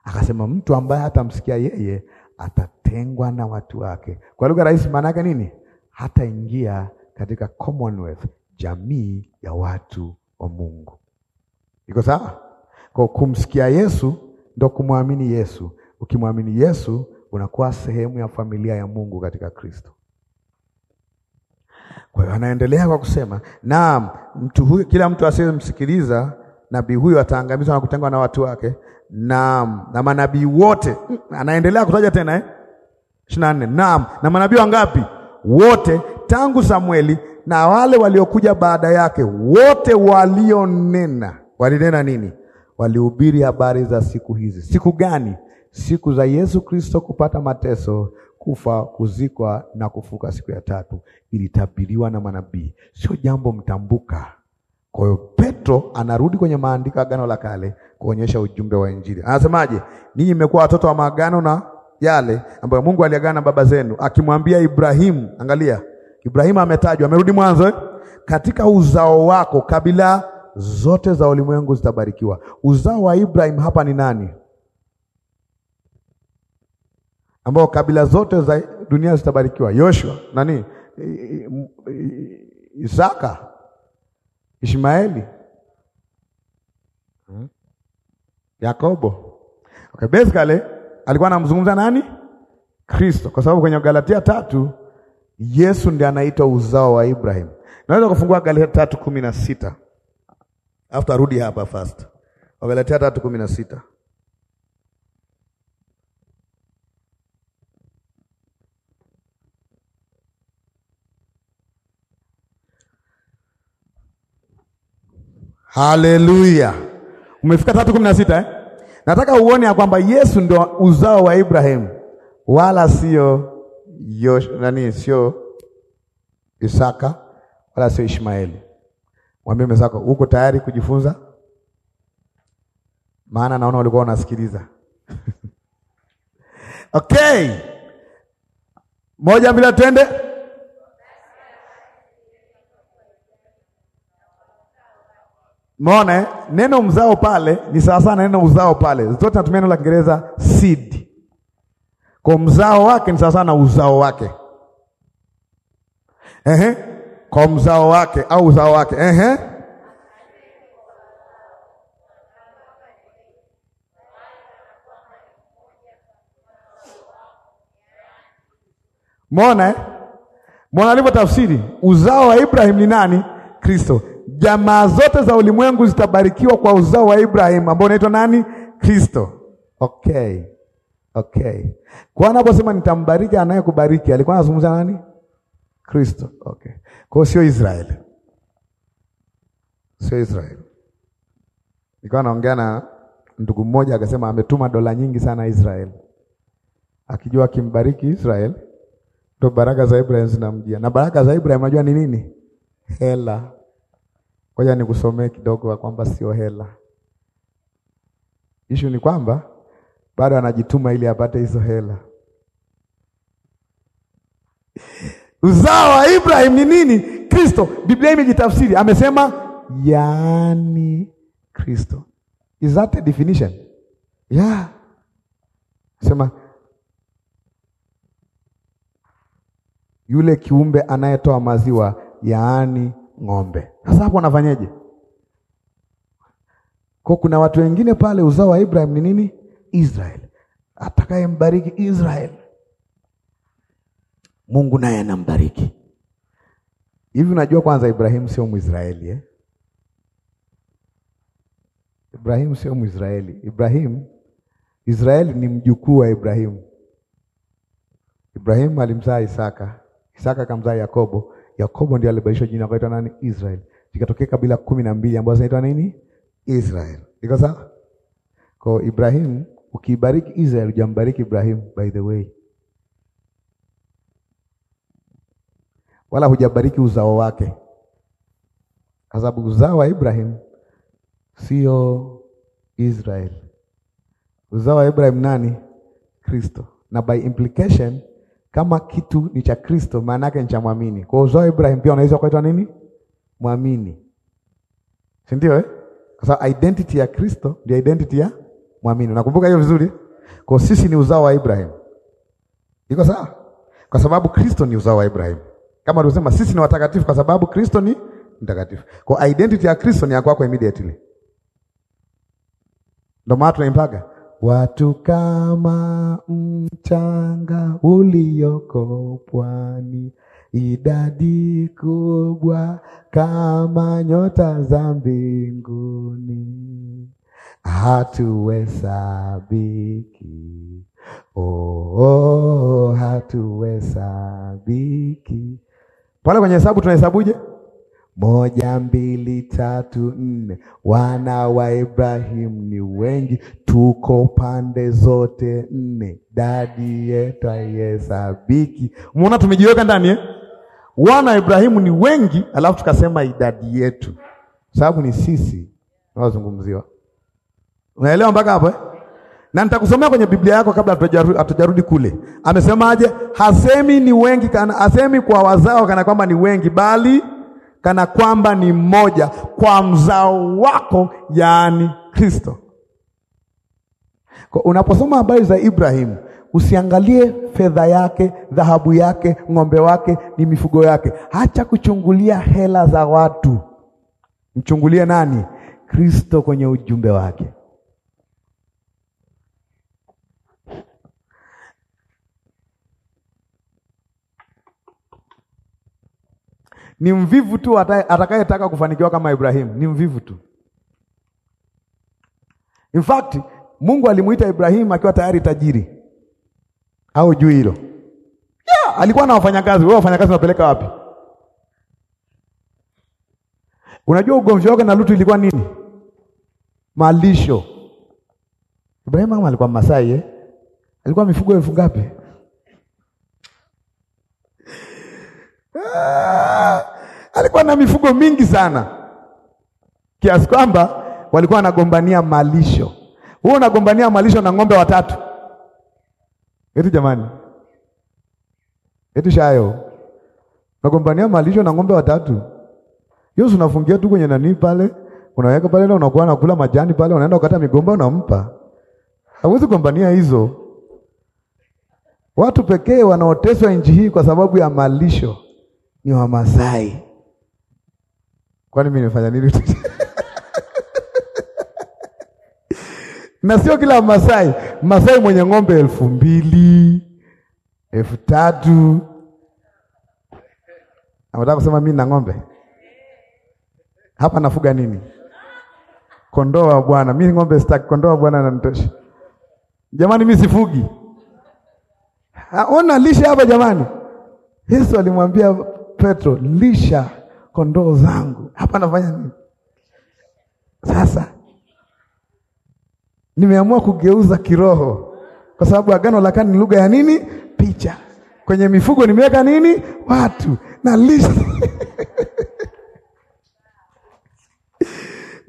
Akasema mtu ambaye hatamsikia yeye atatengwa na watu wake. Kwa lugha rahisi, maana yake nini? Hataingia katika commonwealth, jamii ya watu wa Mungu. Iko sawa? Kwa kumsikia Yesu ndo kumwamini Yesu. Ukimwamini Yesu unakuwa sehemu ya familia ya Mungu katika Kristo. Kwa hiyo anaendelea kwa kusema, naam, mtu huyu, kila mtu asiyemsikiliza nabii huyu ataangamizwa na kutengwa na watu wake. Naam, na manabii wote, anaendelea kutaja tena eh? 24. Naam, na manabii wangapi? Wote tangu Samueli na wale waliokuja baada yake, wote walionena, walinena nini? walihubiri habari za siku hizi. Siku gani? Siku za Yesu Kristo kupata mateso, kufa, kuzikwa na kufuka siku ya tatu, ilitabiriwa na manabii, sio jambo mtambuka. Kwa hiyo Petro anarudi kwenye maandiko ya Agano la Kale kuonyesha ujumbe wa Injili. Anasemaje? Ninyi mmekuwa watoto wa maagano na yale ambayo Mungu aliagana baba zenu, akimwambia Ibrahimu. Angalia, Ibrahimu ametajwa, amerudi mwanzo eh? Katika uzao wako kabila zote za ulimwengu zitabarikiwa. Uzao wa Ibrahim hapa ni nani? Ambao kabila zote za dunia zitabarikiwa. Yoshua, nani? Isaka, Ishmaeli, hmm? Yakobo. Okay, basically alikuwa anamzungumza nani? Kristo, kwa sababu kwenye Galatia tatu Yesu ndiye anaitwa uzao wa Ibrahim. Naweza kufungua Galatia tatu kumi na sita. Alafu tarudi hapa fast. Wagalatia tatu kumi na sita. Haleluya. Umefika tatu kumi na sita eh? Nataka uone ya kwamba Yesu ndo uzao wa Ibrahimu wala sio Yosh, nani sio Isaka wala sio Ishmaeli. Mwambie mwenzako uko tayari kujifunza, maana naona walikuwa wanasikiliza. [laughs] Okay, moja bila twende Mone eh? neno mzao pale ni sawa sana neno uzao pale, zote natumia neno la Kiingereza seed. Kwa mzao wake ni sawa sana na uzao wake. Ehe, kwa mzao wake au uzao wake. Ehe, mwona eh? Mwona alivyo tafsiri uzao wa Ibrahim ni nani? Kristo. Jamaa zote za ulimwengu zitabarikiwa kwa uzao wa Ibrahim ambao unaitwa nani? Kristo. Okay, okay. Kwa anaposema nitambariki anayekubariki alikuwa anazungumza nani? Kristo. Okay. Kwa hiyo sio Israeli, sio Israeli. Nikawa naongea na ndugu mmoja akasema ametuma dola nyingi sana Israeli, akijua akimbariki Israeli ndo baraka za Ibrahim zinamjia. Na baraka za Ibrahim unajua ni nini? Hela. Ngoja nikusomee kidogo kwamba sio hela. Ishu ni kwamba bado anajituma ili apate hizo hela Uzao wa Ibrahim ni nini? Kristo. Biblia imejitafsiri, amesema yaani Kristo. Is that a definition? Yeah. Sema yule kiumbe anayetoa maziwa, yaani ng'ombe. Sasa hapo anafanyaje? Kwa kuna watu wengine pale, uzao wa Ibrahim ni nini? Israel, atakayembariki Israel Mungu naye anambariki. Hivi unajua kwanza Ibrahimu sio Mwisraeli eh? Ibrahimu sio Mwisraeli. Ibrahimu Israeli ni mjukuu wa Ibrahimu. Ibrahimu alimzaa Isaka, Isaka akamzaa Yakobo, Yakobo ndiye alibadilisha jina akaitwa nani? Israel. Ikatokea kabila kumi na mbili ambazo zinaitwa nini? Israel. Iko sawa? Kwa Ibrahimu ukibariki Israel, hujambariki Ibrahimu by the way. wala hujabariki uzao wake, kwa sababu uzao wa Ibrahim sio israel Uzao wa Ibrahim nani? Kristo. Na by implication kama kitu ni cha Kristo, maana yake ni cha mwamini. Kwa uzao wa Ibrahim pia unaweza kuitwa nini? Mwamini, si ndio eh? Kwa sababu identity ya Kristo ndio identity ya mwamini. Unakumbuka hiyo vizuri? Kwa sisi ni uzao wa Ibrahim, iko sawa, kwa sababu Kristo ni uzao wa Ibrahim. Kama tulivyosema sisi ni watakatifu kwa sababu Kristo ni mtakatifu. Kwa identity ya Kristo ni ya kwako immediately. Ndio maana tunaimpaga watu kama mchanga ulioko pwani, idadi kubwa kama nyota za mbinguni, hatuhesabiki. Oh, oh, oh hatuhesabiki pale kwenye hesabu tunahesabuje? Moja, mbili, tatu, nne. Wana wa Ibrahimu ni wengi, tuko pande zote nne, dadi yetu haihesabiki. Muona tumejiweka ndani eh? Wana wa Ibrahimu ni wengi, alafu tukasema idadi yetu, sababu ni sisi naozungumziwa. Unaelewa mpaka hapo eh? na nitakusomea kwenye Biblia yako kabla hatujarudi kule. Amesemaje? Hasemi ni wengi kana, hasemi kwa wazao kana kwamba ni wengi, bali kana kwamba ni mmoja kwa mzao wako, yaani Kristo. Kwa unaposoma habari za Ibrahimu usiangalie fedha yake, dhahabu yake, ng'ombe wake, ni mifugo yake. Hacha kuchungulia hela za watu, mchungulie nani? Kristo kwenye ujumbe wake. Ni mvivu tu atakayetaka kufanikiwa kama Ibrahimu, ni mvivu tu. In fact, Mungu alimuita Ibrahimu akiwa tayari tajiri. Au juu hilo? Yeah, alikuwa na wafanyakazi. Wewe wafanyakazi unapeleka wapi? Unajua ugomvi wake na Lutu ilikuwa nini? Malisho. Ibrahimu alikuwa Masai eh? Alikuwa mifugo elfu ngapi? Ah, alikuwa na mifugo mingi sana kiasi kwamba walikuwa wanagombania malisho. Wewe unagombania malisho na ng'ombe watatu, eti jamani, eti shayo unagombania malisho na ng'ombe watatu. Yesu unafungia tu kwenye nani pale, unaweka pale na unakuwa nakula majani pale, unaenda ukata migomba unampa. Hawezi kugombania hizo. Watu pekee wanaoteswa nchi hii kwa sababu ya malisho ni Wamasai. Kwani mi nimefanya nini? [laughs] na sio kila Masai, Masai mwenye ng'ombe elfu mbili elfu tatu anataka kusema mi na ng'ombe hapa nafuga nini? Kondoo wa bwana. mi ng'ombe sitaki, kondoo wa bwana ananitosha. Jamani, mi sifugi. Ona lishe hapa jamani. Yesu alimwambia Petro, lisha kondoo zangu. Hapa nafanya nini? Sasa nimeamua kugeuza kiroho, kwa sababu agano la kale ni lugha ya nini? Picha. Kwenye mifugo nimeweka nini? Watu na lisha [laughs]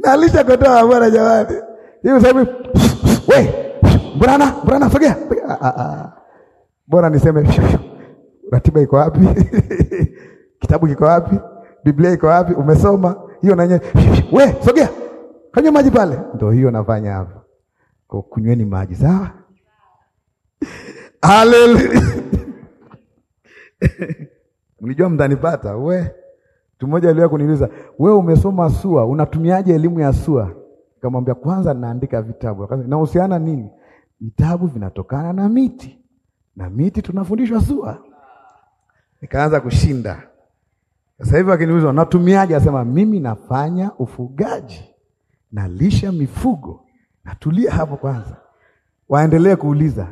na lisha kondoo wa Bwana. Jamani, hiyo sababu we Bwana Bwana, sogea ah, ah, ah. bora niseme ratiba iko wapi? [laughs] Kitabu kiko wapi? Biblia iko wapi? Umesoma hiyo na we, sogea kanywa maji pale. Ndio hiyo nafanya hapo, kwa kunyweni maji sawa. Haleluya! [laughs] mlijua mtanipata. We mtu mmoja aliwahi kuniuliza, we umesoma SUA, unatumiaje elimu ya SUA? Nikamwambia kwanza naandika vitabu. Akasema inahusiana nini? Vitabu vinatokana na miti na miti tunafundishwa SUA. Nikaanza kushinda sasa hivi akiniulizwa natumiaje, asema mimi nafanya ufugaji, nalisha mifugo. Natulia hapo kwanza, waendelee kuuliza,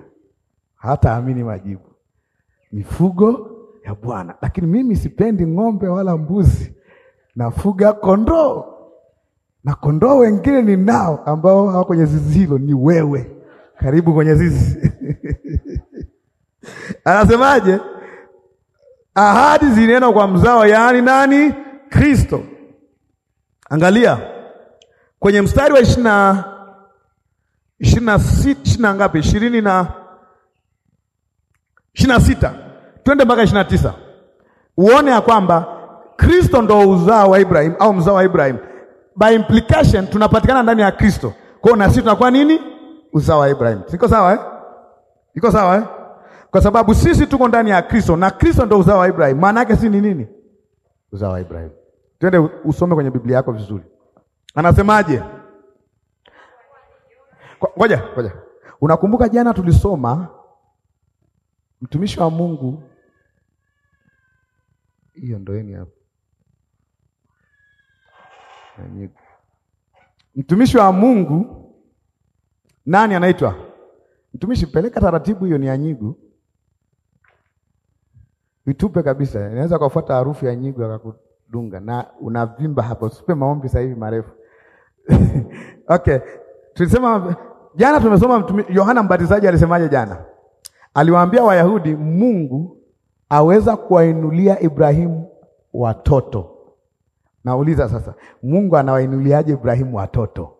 hataamini majibu. Mifugo ya Bwana, lakini mimi sipendi ng'ombe wala mbuzi, nafuga kondoo, na kondoo wengine ninao ambao hawako kwenye zizi hilo, ni wewe karibu kwenye zizi. [laughs] Anasemaje? Ahadi zinena kwa mzao, yaani nani? Kristo. Angalia kwenye mstari wa ishirini na ishirini na na ngapi? ishirini na ishirini na sita twende mpaka ishirini na tisa uone ya kwamba Kristo ndo uzao wa Ibrahim au mzao wa Ibrahim. By implication tunapatikana ndani ya Kristo, kwa hiyo na sisi tunakuwa nini? Uzao wa Ibrahim. Siko sawa eh? Iko sawa eh? kwa sababu sisi tuko ndani ya Kristo na Kristo ndo uzao wa Ibrahim. Maana yake si ni nini? Uzao wa Ibrahim. Twende usome kwenye Biblia yako vizuri, anasemaje? Ngoja ngoja, unakumbuka jana tulisoma mtumishi wa Mungu, hiyo ndoeni hapo mtumishi wa Mungu nani anaitwa mtumishi? Peleka taratibu, hiyo ni anyigu. Itupe kabisa. Inaweza kufuata harufu ya nyigo akakudunga na unavimba hapo. Usipe maombi sasa hivi marefu. [laughs] Okay. Tulisema jana tumesoma Yohana Mbatizaji alisemaje jana? Aliwaambia Wayahudi Mungu aweza kuwainulia Ibrahimu watoto. Nauliza sasa, Mungu anawainuliaje Ibrahimu watoto?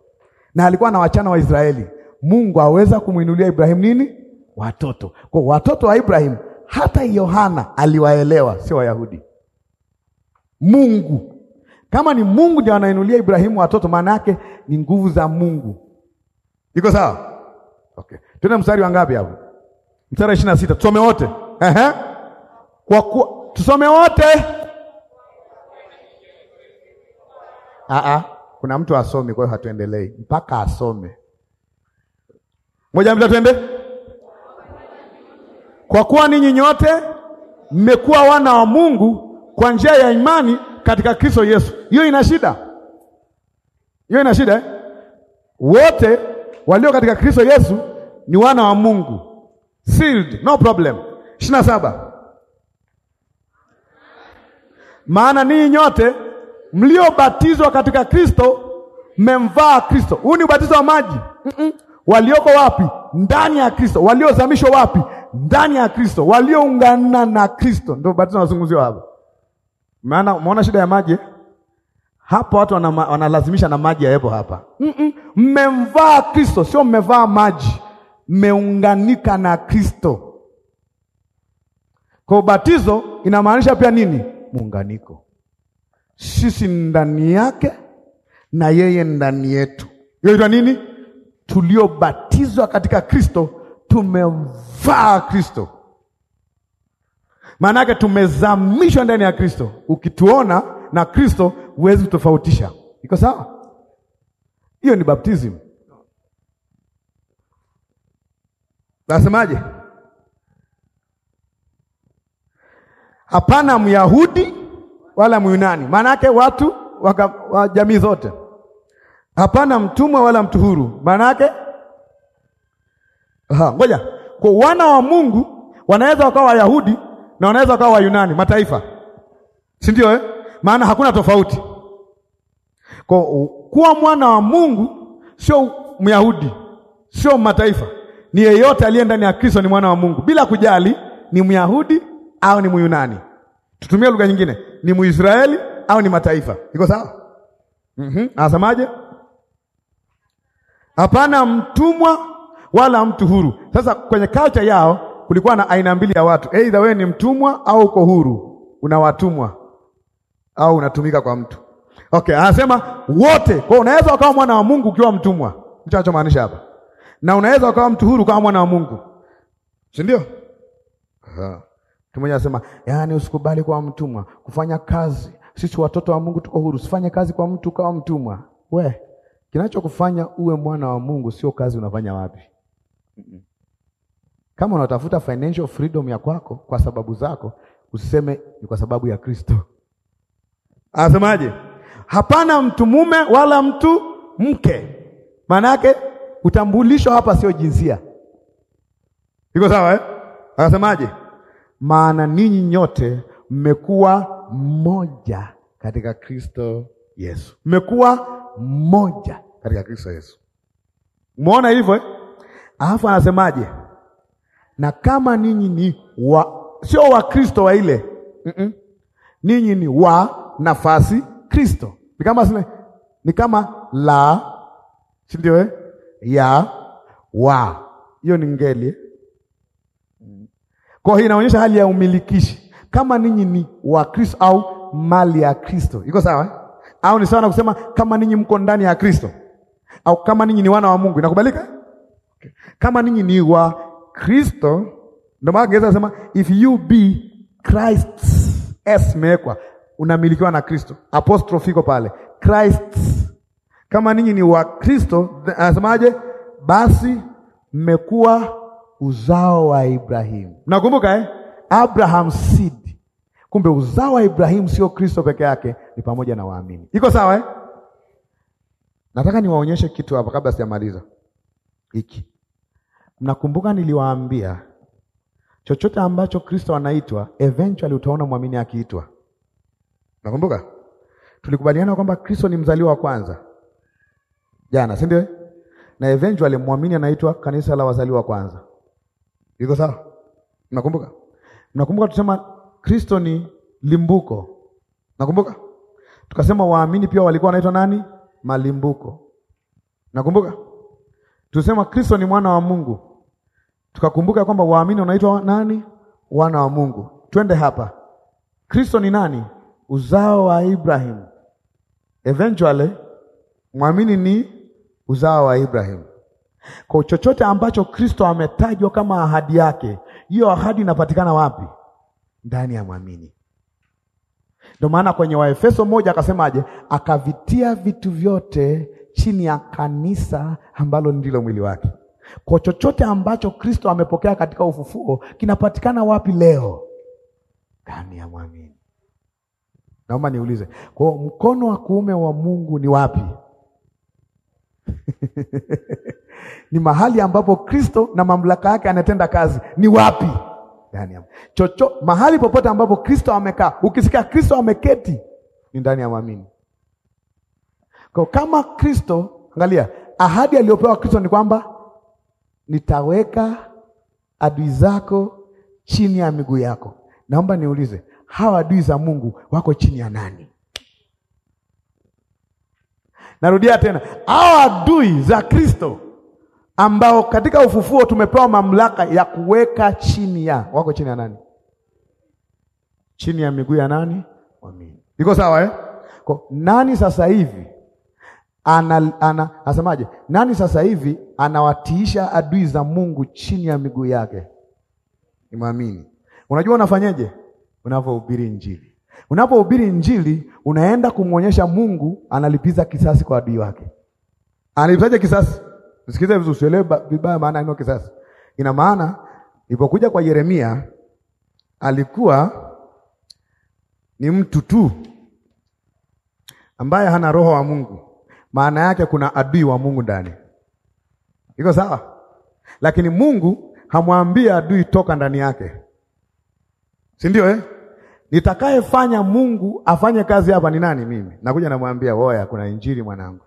Na alikuwa na wachana wa Israeli. Mungu aweza kumwinulia Ibrahimu nini? Watoto. Kwa watoto wa Ibrahimu hata Yohana aliwaelewa, sio Wayahudi. Mungu kama ni Mungu ndio anainulia Ibrahimu watoto, maana yake ni nguvu za Mungu. Iko sawa? Okay, tuende mstari wa ngapi hapo? Mstari wa ishirini na sita tusome wote. kwa tusome wote. kuna mtu asomi, kwa hiyo hatuendelei mpaka asome. Moja, mbili, tuende kwa kuwa ninyi nyote mmekuwa wana wa Mungu kwa njia ya imani katika Kristo Yesu. Hiyo ina shida, hiyo ina shida eh? Wote walio katika Kristo Yesu ni wana wa Mungu, sealed, no problem. ishirini na saba maana ninyi nyote mliobatizwa katika Kristo mmemvaa Kristo. Huu ni ubatizo wa maji mm -mm. Walioko wapi? Ndani ya Kristo. Waliozamishwa wapi? ndani ya Kristo, walioungana na Kristo, ndio batizo unazungumziwa hapo. Maana umeona shida ya maji hapa, watu wanalazimisha na maji yaepo hapa. Mmemvaa mm -mm. Kristo, sio mmevaa maji, mmeunganika na Kristo. Kwa batizo inamaanisha pia nini? Muunganiko, sisi ndani yake na yeye ndani yetu. Hiyo inaitwa nini? Tuliobatizwa katika Kristo tumemvaa tumemvaa Kristo, maana yake tumezamishwa ndani ya Kristo. Ukituona na Kristo huwezi kutofautisha. Iko sawa? Hiyo ni baptism. Nasemaje? Hapana Myahudi wala Myunani, maana yake watu wa jamii zote. Hapana mtumwa wala mtu huru, maana yake ngoja kwa wana wa Mungu wanaweza wakawa Wayahudi na wanaweza wakawa Wayunani, mataifa, si ndio eh? Maana hakuna tofauti. Kwa kuwa mwana wa Mungu sio Myahudi, sio mataifa, ni yeyote aliye ndani ya Kristo ni mwana wa Mungu, bila kujali ni Myahudi au ni Myunani, tutumie lugha nyingine, ni Muisraeli au ni mataifa. Iko sawa? Mm-hmm. Anasemaje? Hapana mtumwa wala mtu huru, sasa kwenye kacha yao kulikuwa na aina mbili ya watu, aidha wewe ni mtumwa au uko huru, unawatumwa au unatumika kwa mtu. Okay, anasema wote. Kwa unaweza ukawa mwana wa Mungu ukiwa mtumwa, ndicho anachomaanisha hapa, na unaweza ukawa mtu huru kama mwana wa Mungu, si ndio? Mtu mmoja anasema yaani, usikubali kuwa mtumwa kufanya kazi. Sisi watoto wa Mungu tuko huru, usifanye kazi kwa mtu kama mtumwa. We, kinachokufanya uwe mwana wa Mungu sio kazi unafanya wapi. Kama unatafuta financial freedom ya kwako kwa sababu zako, usiseme ni kwa sababu ya Kristo. Anasemaje? Hapana mtu mume wala mtu mke. Maana yake utambulisho hapa sio jinsia, iko sawa eh? Anasemaje? Maana ninyi nyote mmekuwa mmoja katika Kristo Yesu, mmekuwa mmoja katika Kristo Yesu. Umeona hivyo eh? Alafu anasemaje? na kama ninyi ni wa, sio wa Kristo wa ile mm -mm. Ninyi ni wa nafasi Kristo, ni kama sine, ni kama la, si ndio eh? ya wa, hiyo ni ngeli. Eh? Kwa hiyo inaonyesha hali ya umilikishi, kama ninyi ni wa Kristo au mali ya Kristo, iko sawa eh? Au ni sawa na kusema kama ninyi mko ndani ya Kristo, au kama ninyi ni wana wa Mungu, inakubalika? Kama ninyi ni wa Kristo, ndio maana Kiingereza anasema if you be Christ, s imewekwa, unamilikiwa na Kristo, apostrophe iko pale Christ. Kama ninyi ni wa Kristo, anasemaje? Basi mmekuwa uzao wa Ibrahimu. Nakumbuka eh? Abraham seed. Kumbe uzao wa Ibrahimu sio Kristo peke yake, ni pamoja na waamini. Iko sawa eh? Nataka niwaonyeshe kitu hapa kabla sijamaliza hiki. Mnakumbuka niliwaambia chochote ambacho Kristo anaitwa eventually utaona mwamini akiitwa. Nakumbuka tulikubaliana kwamba Kristo ni mzaliwa wa kwanza jana, si ndio? Na eventually mwamini anaitwa kanisa la wazaliwa wa kwanza. Iko sawa? Mnakumbuka? Mnakumbuka tusema Kristo ni limbuko. Nakumbuka tukasema waamini pia walikuwa wanaitwa nani? Malimbuko. Nakumbuka tusema Kristo ni mwana wa Mungu tukakumbuka kwamba waamini wanaitwa nani? Wana wa Mungu. Twende hapa. Kristo ni nani? Uzao wa Ibrahim. Eventually mwamini ni uzao wa Ibrahim. Kwa chochote ambacho Kristo ametajwa kama ahadi yake, hiyo ahadi inapatikana wapi? Ndani ya mwamini. Ndio maana kwenye Waefeso moja akasemaje? Akavitia vitu vyote chini ya kanisa ambalo ndilo mwili wake. Kwa chochote ambacho Kristo amepokea katika ufufuo kinapatikana wapi leo? Ndani ya mwamini. Naomba niulize, kwa mkono wa kuume wa Mungu ni wapi? [laughs] ni mahali ambapo Kristo na mamlaka yake anatenda kazi. Ni wapi? Ndani ya chocho, mahali popote ambapo Kristo amekaa. Ukisikia Kristo ameketi, ni ndani ya mwamini. Kwa kama Kristo, angalia ahadi aliyopewa Kristo ni kwamba nitaweka adui zako chini ya miguu yako. Naomba niulize, hawa adui za Mungu wako chini ya nani? Narudia tena, hawa adui za Kristo ambao katika ufufuo tumepewa mamlaka ya kuweka chini ya, wako chini ya nani? Chini ya miguu ya nani? Amini. Iko sawa eh? Kwa nani sasa hivi ana, ana, nasemaje? Nani sasa hivi anawatiisha adui za Mungu chini ya miguu yake? Imamini, Unajua unafanyeje? Unapohubiri Injili, unapohubiri Injili unaenda kumwonyesha Mungu analipiza kisasi kwa adui wake. Analipizaje kisasi? msikize vizuri, usielewe vibaya maana ino kisasi. Ina maana ilipokuja kwa Yeremia alikuwa ni mtu tu ambaye hana roho wa Mungu maana yake kuna adui wa Mungu ndani. Iko sawa? Lakini Mungu hamwambia adui toka ndani yake, si ndio eh? Nitakayefanya Mungu afanye kazi hapa ni nani? Mimi nakuja namwambia, woya kuna injili mwanangu,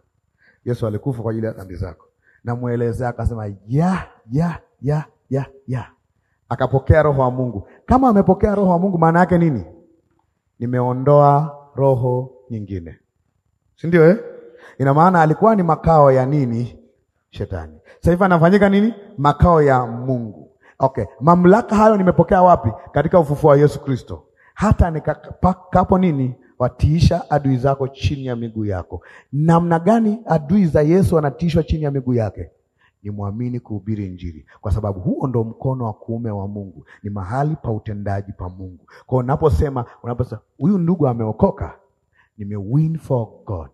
Yesu alikufa kwa ajili ya dhambi zako. Namwelezea akasema ya ya ya ya ya, akapokea roho wa Mungu. Kama amepokea roho wa Mungu, maana yake nini? Nimeondoa roho nyingine, si ndio eh? Ina maana alikuwa ni makao ya nini? Shetani. Sasa hivi anafanyika nini? Makao ya Mungu. Okay, mamlaka hayo nimepokea wapi? Katika ufufuo wa Yesu Kristo. Hata nikapo nini, watiisha adui zako chini ya miguu yako. Namna gani adui za Yesu wanatiishwa chini ya miguu yake? Ni mwamini kuhubiri Injili, kwa sababu huo ndo mkono wa kuume wa Mungu, ni mahali pa utendaji pa Mungu. Kwa unaposema, unaposema huyu ndugu ameokoka, nime win for God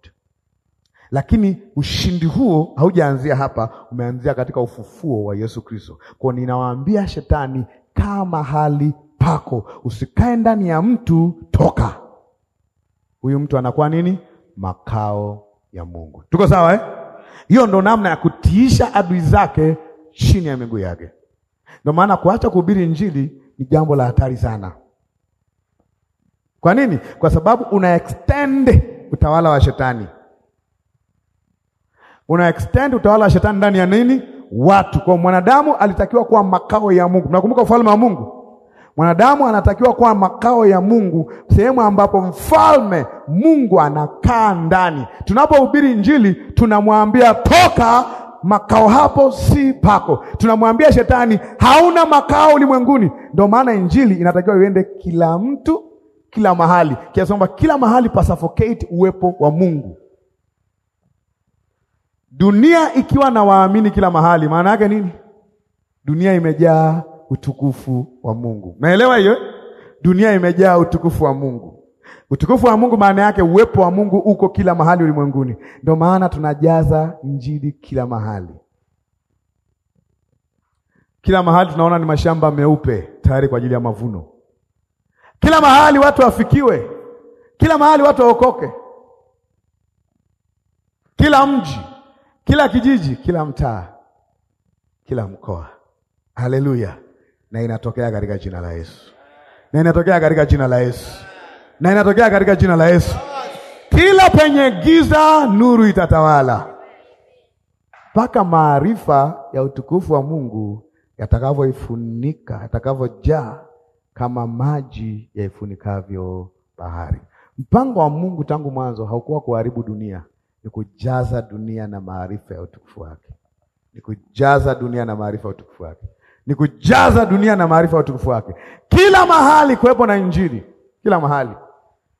lakini ushindi huo haujaanzia hapa, umeanzia katika ufufuo wa Yesu Kristo. Kwa ninawaambia shetani, kaa mahali pako, usikae ndani ya mtu, toka. Huyu mtu anakuwa nini? Makao ya Mungu. Tuko sawa eh? Hiyo ndo namna ya kutiisha adui zake chini ya miguu yake. Ndio maana kuacha kuhubiri Injili ni jambo la hatari sana. Kwa nini? Kwa sababu una extend utawala wa shetani una extend utawala wa shetani ndani ya nini? Watu. Kwa mwanadamu alitakiwa kuwa makao ya Mungu. Mnakumbuka ufalme wa Mungu, mwanadamu anatakiwa kuwa makao ya Mungu, sehemu ambapo mfalme Mungu anakaa ndani. Tunapohubiri Injili tunamwambia toka makao hapo si pako. Tunamwambia shetani hauna makao ulimwenguni. Ndio maana injili inatakiwa iende kila mtu, kila mahali, kiasi kwamba kila mahali pasafocate uwepo wa Mungu. Dunia ikiwa na waamini kila mahali, maana yake nini? Dunia imejaa utukufu wa Mungu. Naelewa hiyo? Dunia imejaa utukufu wa Mungu. Utukufu wa Mungu maana yake uwepo wa Mungu uko kila mahali ulimwenguni. Ndio maana tunajaza njidi kila mahali. Kila mahali tunaona ni mashamba meupe tayari kwa ajili ya mavuno. Kila mahali watu wafikiwe. Kila mahali watu waokoke. Kila mji kila kijiji, kila mtaa, kila mkoa. Haleluya! na inatokea katika jina la Yesu, na inatokea katika jina la Yesu, na inatokea katika jina la Yesu. Kila penye giza, nuru itatawala mpaka maarifa ya utukufu wa Mungu yatakavyoifunika, yatakavyojaa kama maji yaifunikavyo bahari. Mpango wa Mungu tangu mwanzo haukuwa kuharibu dunia, ni kujaza dunia na maarifa ya utukufu wake, ni kujaza dunia na maarifa ya utukufu wake, ni kujaza dunia na maarifa ya utukufu wake. Kila mahali kuwepo na Injili, kila mahali.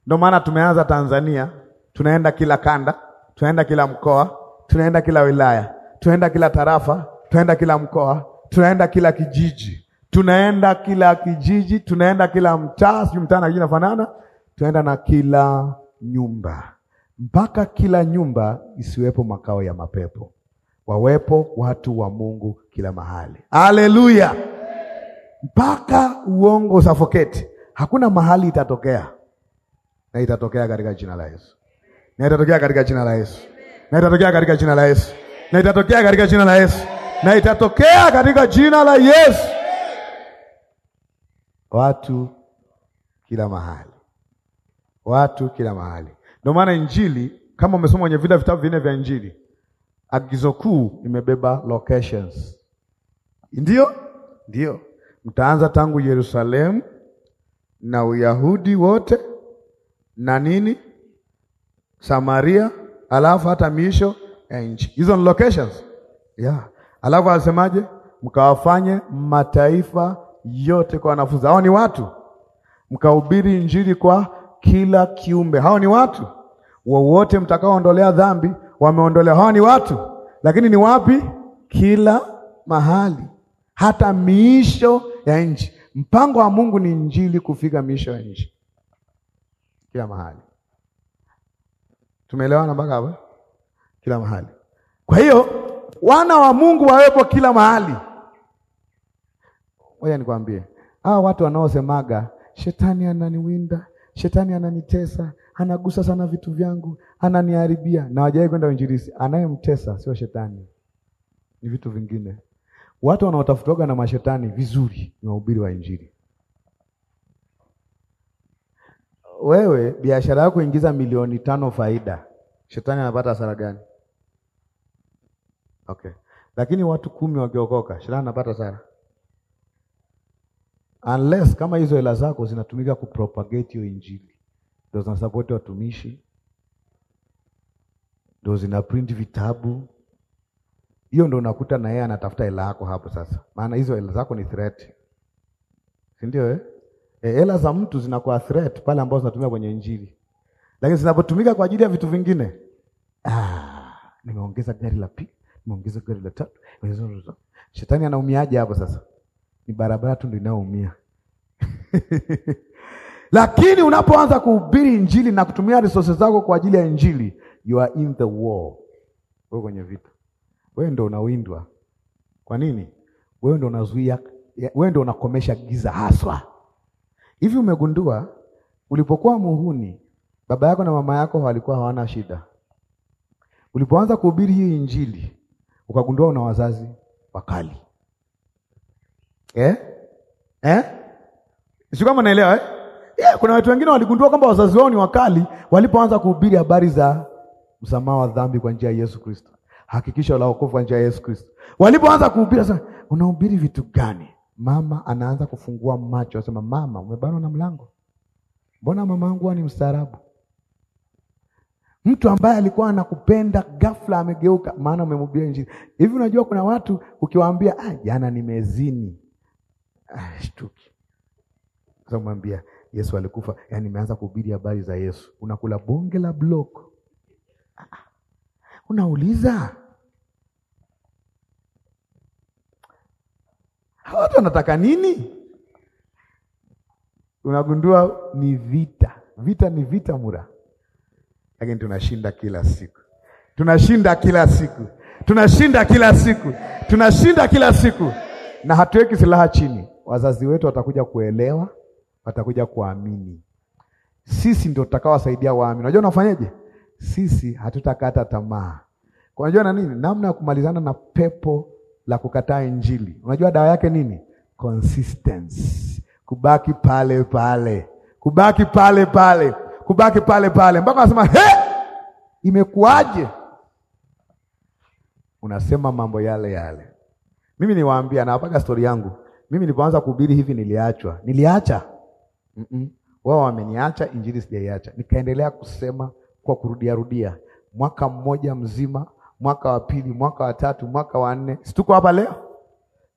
Ndio maana tumeanza Tanzania, tunaenda kila kanda, tunaenda kila mkoa, tunaenda kila wilaya, tunaenda kila tarafa, tunaenda kila mkoa, tunaenda kila kijiji, tunaenda kila kijiji, tunaenda kila mtaa, sijui mtaa na kijiji nafanana, tunaenda na kila nyumba mpaka kila nyumba isiwepo makao ya mapepo, wawepo watu wa Mungu kila mahali. Haleluya! mpaka uongo usafoketi, hakuna mahali itatokea, na itatokea katika jina la Yesu, na itatokea katika jina la Yesu, na itatokea katika jina la Yesu, na itatokea katika jina la Yesu, na itatokea katika jina la Yesu. Watu kila mahali, watu kila mahali ndio maana Injili kama umesoma kwenye vile vitabu vinne vya Injili, agizo kuu imebeba locations. Ndio, ndio mtaanza tangu Yerusalemu na Uyahudi wote na nini, Samaria, alafu hata miisho ya nchi. Hizo ni locations yeah. Alafu asemaje Mkawafanye mataifa yote kwa wanafunzi. Hao ni watu, mkahubiri injili kwa kila kiumbe. Hao ni watu wowote mtakaoondolea dhambi wameondolewa. Hao ni watu, lakini ni wapi? Kila mahali, hata miisho ya nchi. Mpango wa Mungu ni injili kufika miisho ya nchi, kila mahali. Tumeelewana mpaka hapa? Kila mahali. Kwa hiyo wana wa Mungu wawepo kila mahali. Ngoja nikwambie, hawa watu wanaosemaga shetani ananiwinda Shetani ananitesa, anagusa sana vitu vyangu, ananiharibia. Na wajawai kwenda uinjilisi, anayemtesa sio shetani, ni vitu vingine. Watu wanaotafutaga na mashetani vizuri ni wahubiri wa Injili. Wewe biashara yako ingiza milioni tano faida, shetani anapata hasara gani? Okay, lakini watu kumi wakiokoka, shetani anapata hasara unless kama hizo hela zako zinatumika kupropagate hiyo injili, ndio zinasapoti watumishi, ndio zina print vitabu, hiyo ndio unakuta na yeye anatafuta hela yako hapo sasa, maana hizo hela zako ni threat, si ndio? Eh? eh, hela za mtu zinakuwa threat pale ambazo zinatumika kwenye injili, lakini zinapotumika kwa ajili ya vitu vingine, ah, nimeongeza gari la pili, nimeongeza gari la tatu. Shetani anaumiaje hapo sasa? ni barabara tu ndio inayoumia. [laughs] Lakini unapoanza kuhubiri injili na kutumia resources zako kwa ajili ya injili, you are in the war. Wewe kwenye vita, wewe ndio unawindwa. Kwa nini? Wewe ndio unazuia, wewe ndio unakomesha giza haswa. Hivi umegundua ulipokuwa muhuni, baba yako na mama yako walikuwa hawana shida. Ulipoanza kuhubiri hii injili, ukagundua una wazazi wakali eh? Eh? Sio kama naelewa eh? Yeah, kuna watu wengine waligundua kwamba wazazi wao ni wakali walipoanza kuhubiri habari za msamaha wa dhambi kwa njia ya Yesu Kristo, hakikisho la wokovu kwa njia ya Yesu Kristo. Walipoanza kuhubiri sasa, unahubiri vitu gani? Mama anaanza kufungua macho, anasema mama, umebanwa na mlango. Mbona mama yangu ni mstaarabu? Mtu ambaye alikuwa anakupenda ghafla amegeuka, maana umemhubiri Injili. Hivi unajua kuna watu ukiwaambia, ah, jana nimezini ashtuki. Mwambia Yesu alikufa, yaani nimeanza kuhubiri habari za Yesu, unakula bonge la block, ah, ah. unauliza watu wanataka nini? Unagundua ni vita, vita ni vita mura, lakini tunashinda kila siku, tunashinda kila siku, tunashinda kila siku, tunashinda kila siku na hatuweki silaha chini, wazazi wetu watakuja kuelewa, watakuja kuamini. Sisi ndio tutakawasaidia waamini. Unajua unafanyaje? Sisi hatutakata tamaa. Kwa unajua na nini, namna ya kumalizana na pepo la kukataa Injili, unajua dawa yake nini? Consistency, kubaki pale pale, kubaki pale pale, kubaki pale pale mpaka unasema he, imekuwaje? Unasema mambo yale yale. Mimi niwaambia nawapaga stori yangu. Mimi nilipoanza kuhubiri hivi niliachwa. Niliacha. Mhm. -mm. Wao wameniacha, injili sijaiacha. Nikaendelea kusema kwa kurudia rudia. Mwaka mmoja mzima, mwaka wa pili, mwaka wa tatu, mwaka wa nne. Situko hapa leo?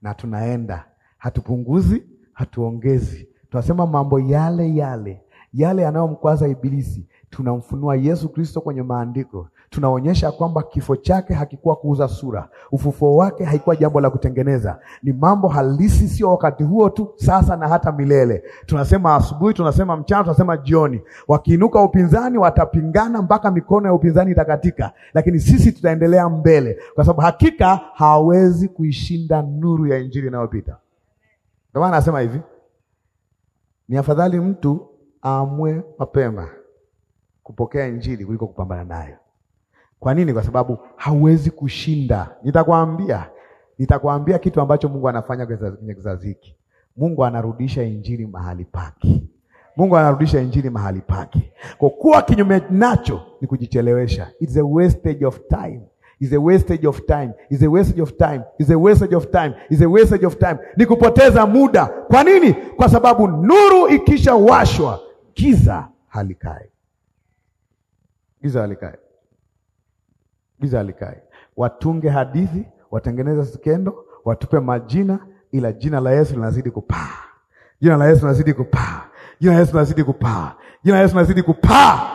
Na tunaenda. Hatupunguzi, hatuongezi. Tunasema mambo yale yale, yale yanayomkwaza ibilisi tunamfunua Yesu Kristo kwenye maandiko, tunaonyesha kwamba kifo chake hakikuwa kuuza sura, ufufuo wake haikuwa jambo la kutengeneza, ni mambo halisi, sio wakati huo tu, sasa na hata milele. Tunasema asubuhi, tunasema mchana, tunasema jioni. Wakiinuka upinzani, watapingana mpaka mikono ya upinzani itakatika, lakini sisi tutaendelea mbele, kwa sababu hakika hawezi kuishinda nuru ya Injili inayopita. Ndio maana anasema hivi, ni afadhali mtu aamue mapema kupokea injili kuliko kupambana nayo. Kwa nini? Kwa sababu hauwezi kushinda. Nitakwambia, nitakwambia kitu ambacho Mungu anafanya kwenye kizazi hiki. Mungu anarudisha injili mahali pake. Mungu anarudisha injili mahali pake. Kwa kuwa kinyume nacho ni kujichelewesha. It's a wastage of time. It's a wastage of time. It's a wastage of time. It's a wastage of time. It's a wastage of time. Ni kupoteza muda. Kwa nini? Kwa sababu nuru ikishawashwa giza halikai. Giza alikae, giza alikae. Watunge hadithi, watengeneze skendo, watupe majina, ila jina la Yesu linazidi kupaa, jina la Yesu linazidi kupaa, jina la Yesu linazidi kupaa, jina la Yesu linazidi kupaa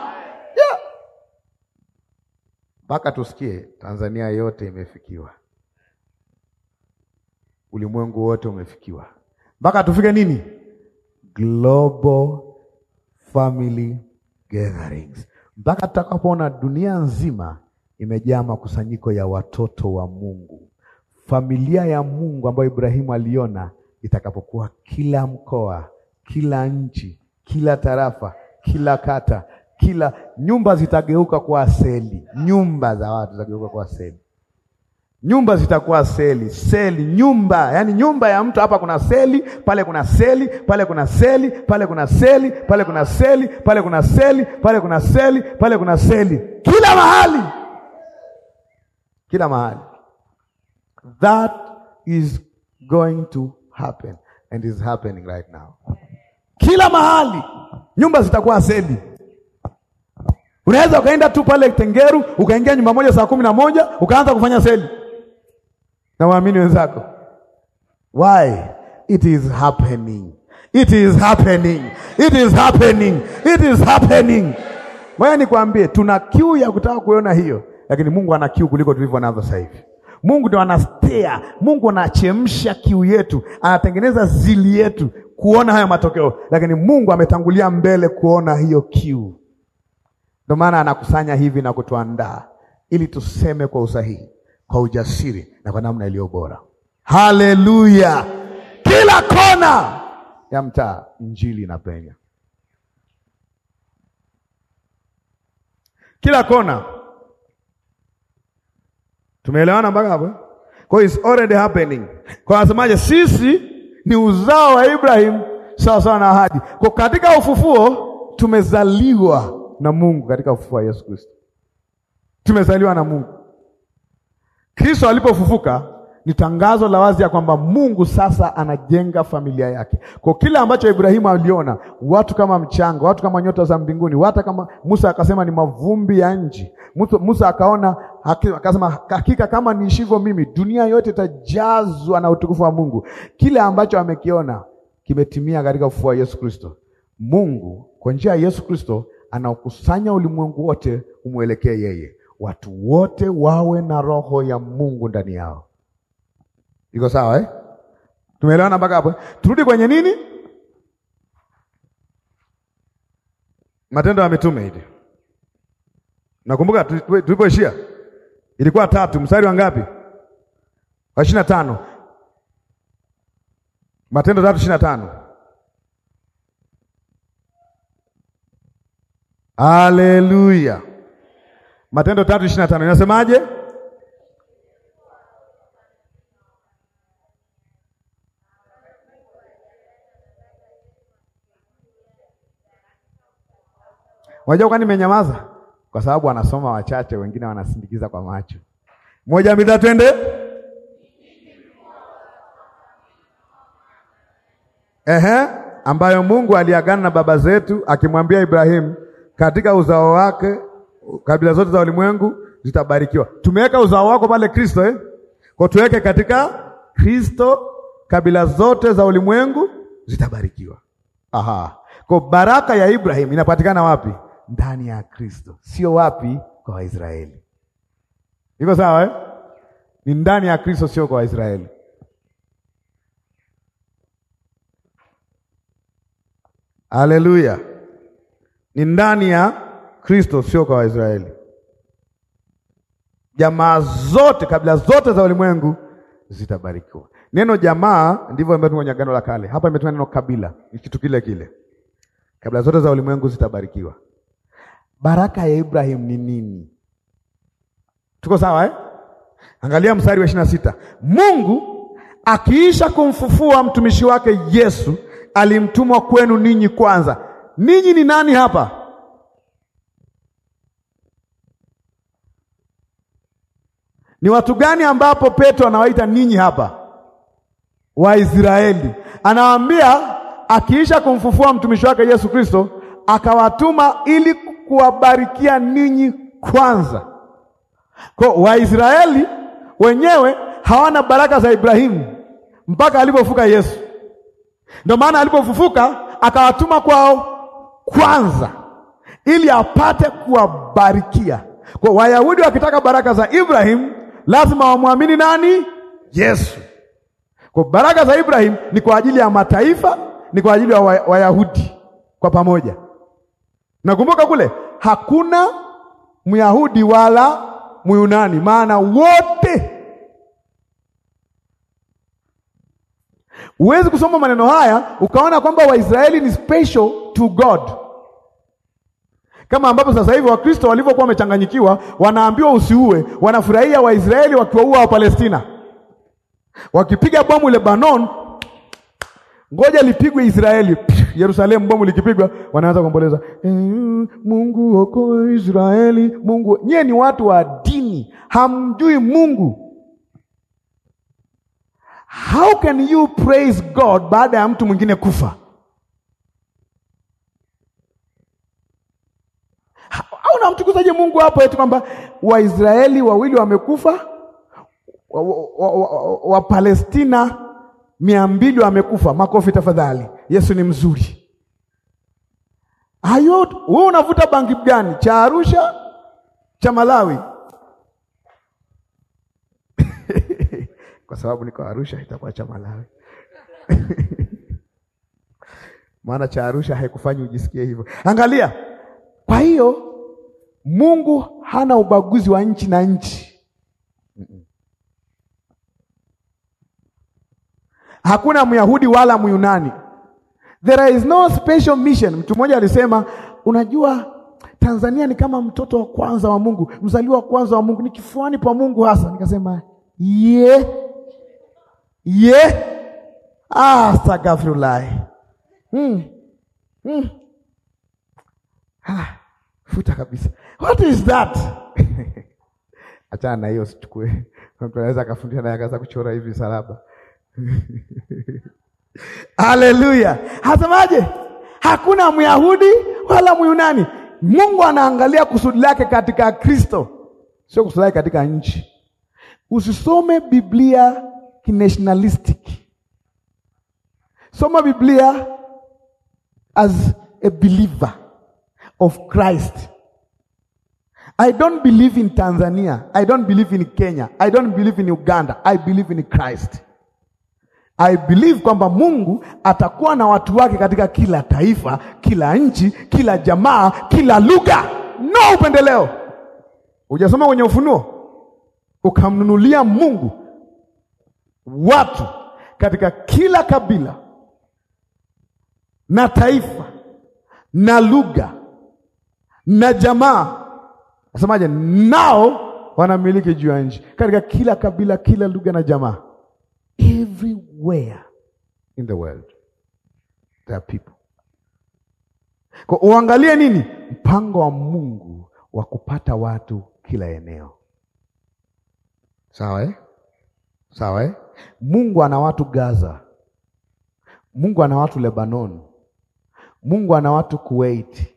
mpaka yeah, tusikie Tanzania yote imefikiwa, ulimwengu wote umefikiwa, mpaka tufike nini? Global family gatherings mpaka tutakapoona dunia nzima imejaa makusanyiko ya watoto wa Mungu, familia ya Mungu ambayo Ibrahimu aliona itakapokuwa kila mkoa, kila nchi, kila tarafa, kila kata, kila nyumba zitageuka kwa seli, nyumba za watu zitageuka kwa seli. Nyumba zitakuwa seli, seli, nyumba, yaani nyumba ya mtu. Hapa kuna seli, pale kuna seli, pale kuna seli, pale kuna seli, pale kuna seli, pale kuna seli, pale kuna seli, pale kuna seli, kila mahali, kila mahali. That is going to happen and is happening right now. Kila mahali nyumba zitakuwa seli. Unaweza ukaenda tu pale Tengeru ukaingia nyumba moja saa kumi na moja ukaanza kufanya seli na waamini wenzako. Why? It is happening. It is happening. It is happening. It is happening. Wewe nikwambie, tuna kiu ya kutaka kuona hiyo, lakini Mungu ana kiu kuliko tulivyo nazo sasa hivi. Mungu ndo anastea, Mungu anachemsha kiu yetu, anatengeneza zili yetu kuona hayo matokeo, lakini Mungu ametangulia mbele kuona hiyo kiu. Ndio maana anakusanya hivi na kutuandaa ili tuseme kwa usahihi kwa ujasiri na kwa namna iliyo bora. Haleluya! Kila kona ya mtaa injili inapenya, kila kona. Tumeelewana mpaka hapo? Eh? Kwa it's already happening. Kwa asemaje, Sisi ni uzao wa Ibrahim sawa sawa na ahadi. Kwa katika ufufuo tumezaliwa na Mungu, katika ufufuo wa Yesu Kristo tumezaliwa na Mungu. Kristo alipofufuka ni tangazo la wazi ya kwamba Mungu sasa anajenga familia yake. Kwa kile ambacho Ibrahimu aliona, watu kama mchanga, watu kama nyota za mbinguni, hata kama Musa akasema ni mavumbi ya nchi. Musa akaona akasema, hakika kama niishivyo mimi, dunia yote itajazwa na utukufu wa Mungu. Kile ambacho amekiona kimetimia katika ufufuo wa Yesu Kristo. Mungu kwa njia ya Yesu Kristo anaokusanya ulimwengu wote umwelekee yeye watu wote wawe na roho ya Mungu ndani yao. Iko sawa eh? Tumeelewana mpaka hapo? Eh? Turudi kwenye nini? Matendo ya Mitume hili. Nakumbuka tulipoishia ilikuwa tatu, mstari wa ngapi? Wa ishirini na tano. Matendo tatu ishirini na tano. Haleluya. Matendo tatu ishirini na tano inasemaje? Unajua kwani nimenyamaza kwa sababu wanasoma wachache, wengine wanasindikiza kwa macho. Moja mbili twende. Ehe, ambayo Mungu aliagana na baba zetu akimwambia Ibrahimu, katika uzao wake kabila zote za ulimwengu zitabarikiwa. Tumeweka uzao wako pale Kristo eh? Kwa tuweke katika Kristo, kabila zote za ulimwengu zitabarikiwa. Aha. Kwa baraka ya Ibrahim inapatikana wapi? Ndani ya Kristo, sio wapi kwa Waisraeli. Iko sawa eh? Ni ndani ya Kristo, sio kwa Waisraeli. Haleluya! Ni ndani ya Kristo, sio kwa Waisraeli. Jamaa zote, kabila zote za ulimwengu zitabarikiwa. Neno jamaa ndivyo ambavyo kwenye Agano la Kale, hapa imetumia neno kabila, ni kitu kile kile. Kabila zote za ulimwengu zitabarikiwa. Baraka ya Ibrahim ni nini? Tuko sawa eh? Angalia mstari wa ishirini na sita. Mungu akiisha kumfufua mtumishi wake Yesu, alimtumwa kwenu ninyi kwanza. Ninyi ni nani hapa? Ni watu gani ambapo Petro anawaita ninyi hapa? Waisraeli. Anawaambia akiisha kumfufua mtumishi wake Yesu Kristo, akawatuma ili kuwabarikia ninyi kwanza. Kwa Waisraeli wenyewe hawana baraka za Ibrahimu mpaka alipofuka Yesu. Ndio maana alipofufuka akawatuma kwao kwanza ili apate kuwabarikia. Kwa Wayahudi wakitaka baraka za Ibrahimu lazima wamwamini nani? Yesu. Kwa baraka za Ibrahim ni kwa ajili ya mataifa, ni kwa ajili ya wa Wayahudi kwa pamoja. Nakumbuka kule hakuna Myahudi wala Myunani, maana wote. Huwezi kusoma maneno haya ukaona kwamba Waisraeli ni special to God kama ambapo sasa hivi Wakristo walivyokuwa wamechanganyikiwa, wanaambiwa usiue, wanafurahia Waisraeli wakiwaua Wapalestina, wakipiga bomu Lebanon, ngoja lipigwe Israeli. Yerusalemu bomu likipigwa, wanaanza kuomboleza, eh, Mungu okoe Israeli, Mungu. Nyie ni watu wa dini, hamjui Mungu. How can you praise God baada ya mtu mwingine kufa? mtukuzaje Mungu hapo eti kwamba Waisraeli wawili wamekufa, Wapalestina wa, wa, wa, wa mia mbili wamekufa. Makofi tafadhali. Yesu ni mzuri. Hayo wewe unavuta bangi gani? Cha Arusha, cha Malawi? [laughs] Kwa sababu niko Arusha, itakuwa cha Malawi [laughs] maana cha Arusha haikufanyi ujisikie hivyo. Angalia, kwa hiyo Mungu hana ubaguzi wa nchi na nchi. Hakuna Myahudi wala Myunani. There is no special mission. Mtu mmoja alisema, unajua Tanzania ni kama mtoto wa kwanza wa Mungu, mzaliwa wa kwanza wa Mungu, ni kifuani pa Mungu hasa. Nikasema ye ye yeah. hmm. hmm. Ah, futa kabisa. What is that? [laughs] Achana na hiyo sichukue. Mtu anaweza akafundisha naye akaanza kuchora hivi salaba. [laughs] Haleluya. Hasemaje? Hakuna Myahudi wala Myunani. Mungu anaangalia kusudi lake katika Kristo, sio kusudi lake katika nchi. Usisome Biblia kinationalistic. Soma Biblia as a believer of Christ I don't believe in Tanzania. I don't believe in Kenya. I don't believe in Uganda. I believe in Christ. I believe kwamba Mungu atakuwa na watu wake katika kila taifa, kila nchi, kila jamaa, kila lugha. No upendeleo. Hujasoma kwenye Ufunuo? Ukamnunulia Mungu watu katika kila kabila na taifa na lugha na jamaa Asemaje? Nao wanamiliki juu ya nchi, katika kila kabila, kila lugha na jamaa. Everywhere in the world there are people. Kwa uangalie nini mpango wa Mungu wa kupata watu kila eneo, sawa eh? Sawa eh? Mungu ana watu Gaza, Mungu ana watu Lebanon, Mungu ana watu Kuwait,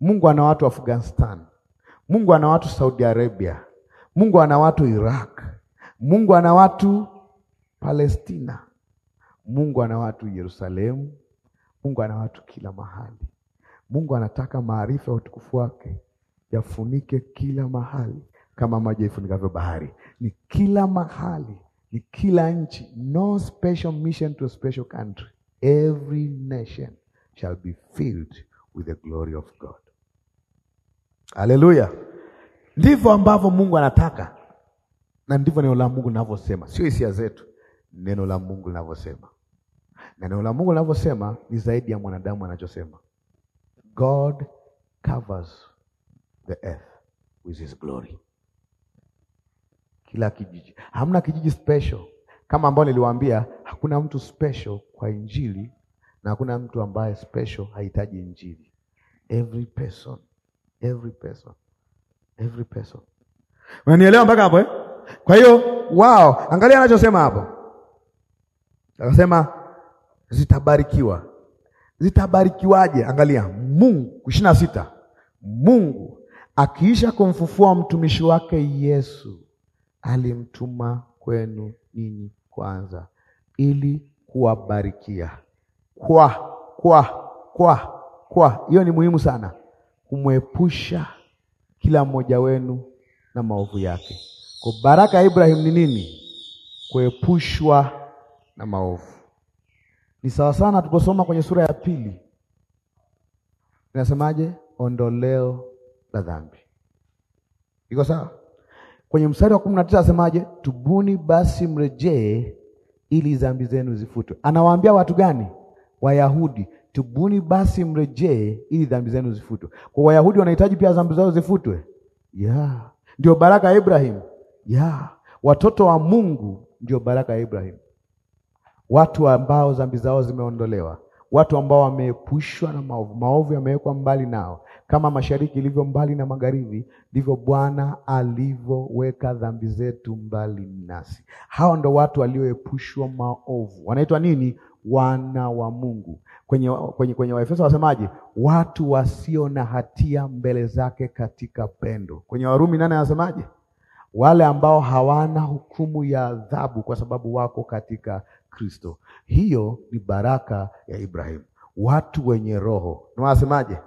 Mungu ana watu Afghanistan Mungu ana watu Saudi Arabia, Mungu ana watu Iraq, Mungu ana watu Palestina, Mungu ana watu Yerusalemu, Mungu ana watu kila mahali. Mungu anataka maarifa ya utukufu wake yafunike kila mahali, kama maji yaifunikavyo bahari. Ni kila mahali, ni kila nchi. No special mission to a special country. Every nation shall be filled with the glory of God. Haleluya! Ndivyo ambavyo Mungu anataka, na ndivyo neno la Mungu linavyosema, sio hisia zetu, neno la Mungu linavyosema. Na neno la Mungu linavyosema ni zaidi ya mwanadamu anachosema. God covers the earth with his glory. Kila kijiji, hamna kijiji special kama ambao niliwaambia, hakuna mtu special kwa injili na hakuna mtu ambaye special hahitaji injili. Every person every person, every person. Unanielewa mpaka hapo eh? Kwa hiyo wao, angalia anachosema hapo, akasema zitabarikiwa. Zitabarikiwaje? Angalia Mungu ishirini na sita, Mungu akiisha kumfufua mtumishi wake Yesu alimtuma kwenu ninyi kwanza, ili kuwabarikia kwa kwa kwa kwa. Hiyo ni muhimu sana kumwepusha kila mmoja wenu na maovu yake. Kwa baraka ya Ibrahimu ni nini? Kuepushwa na maovu. Ni sawa sana tuliposoma kwenye sura ya pili, inasemaje? Ondoleo la dhambi. Iko sawa? Kwenye mstari wa kumi na tisa asemaje? Tubuni basi mrejee, ili dhambi zenu zifutwe. Anawaambia watu gani? Wayahudi tubuni basi mrejee, ili dhambi zenu zifutwe. Kwa Wayahudi wanahitaji pia dhambi zao zifutwe, yeah. Ndio baraka ya Ibrahim, yeah. Watoto wa Mungu ndio baraka ya Ibrahim, watu ambao dhambi zao zimeondolewa, watu ambao wameepushwa na maovu, maovu yamewekwa mbali nao. Kama mashariki ilivyo mbali na magharibi, ndivyo Bwana alivyoweka dhambi zetu mbali nasi. Hao ndo watu walioepushwa maovu, wanaitwa nini? Wana wa Mungu kwenye, kwenye, kwenye Waefeso wasemaje? Watu wasio na hatia mbele zake katika pendo. Kwenye Warumi nane anasemaje? Wale ambao hawana hukumu ya adhabu kwa sababu wako katika Kristo. Hiyo ni baraka ya Ibrahimu, watu wenye roho ni wasemaje?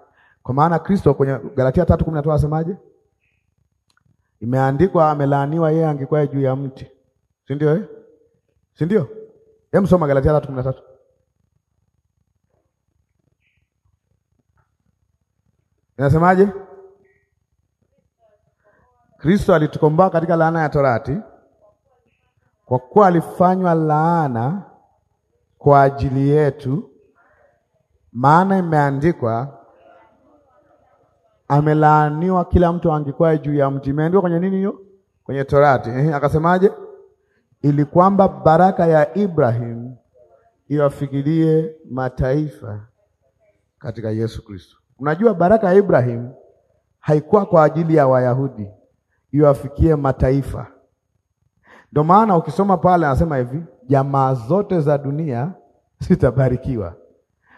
Kwa maana Kristo kwenye Galatia tatu kumi na tatu asemaje? Imeandikwa, amelaaniwa yeye angekwaye juu ya mti, si ndio eh? si ndio? soma Galatia tatu kumi na tatu. Inasemaje? Kristo alitukomboa katika laana ya torati, kwa kuwa alifanywa laana kwa ajili yetu, maana imeandikwa, amelaaniwa kila mtu angikwae juu ya mti. Imeandikwa kwenye nini hiyo? Kwenye torati. Eh, akasemaje? Ili kwamba baraka ya Ibrahim iwafikirie mataifa katika Yesu Kristo. Unajua baraka ya Ibrahim haikuwa kwa ajili ya Wayahudi iwafikie mataifa. Ndio maana ukisoma pale anasema hivi, jamaa zote za dunia zitabarikiwa.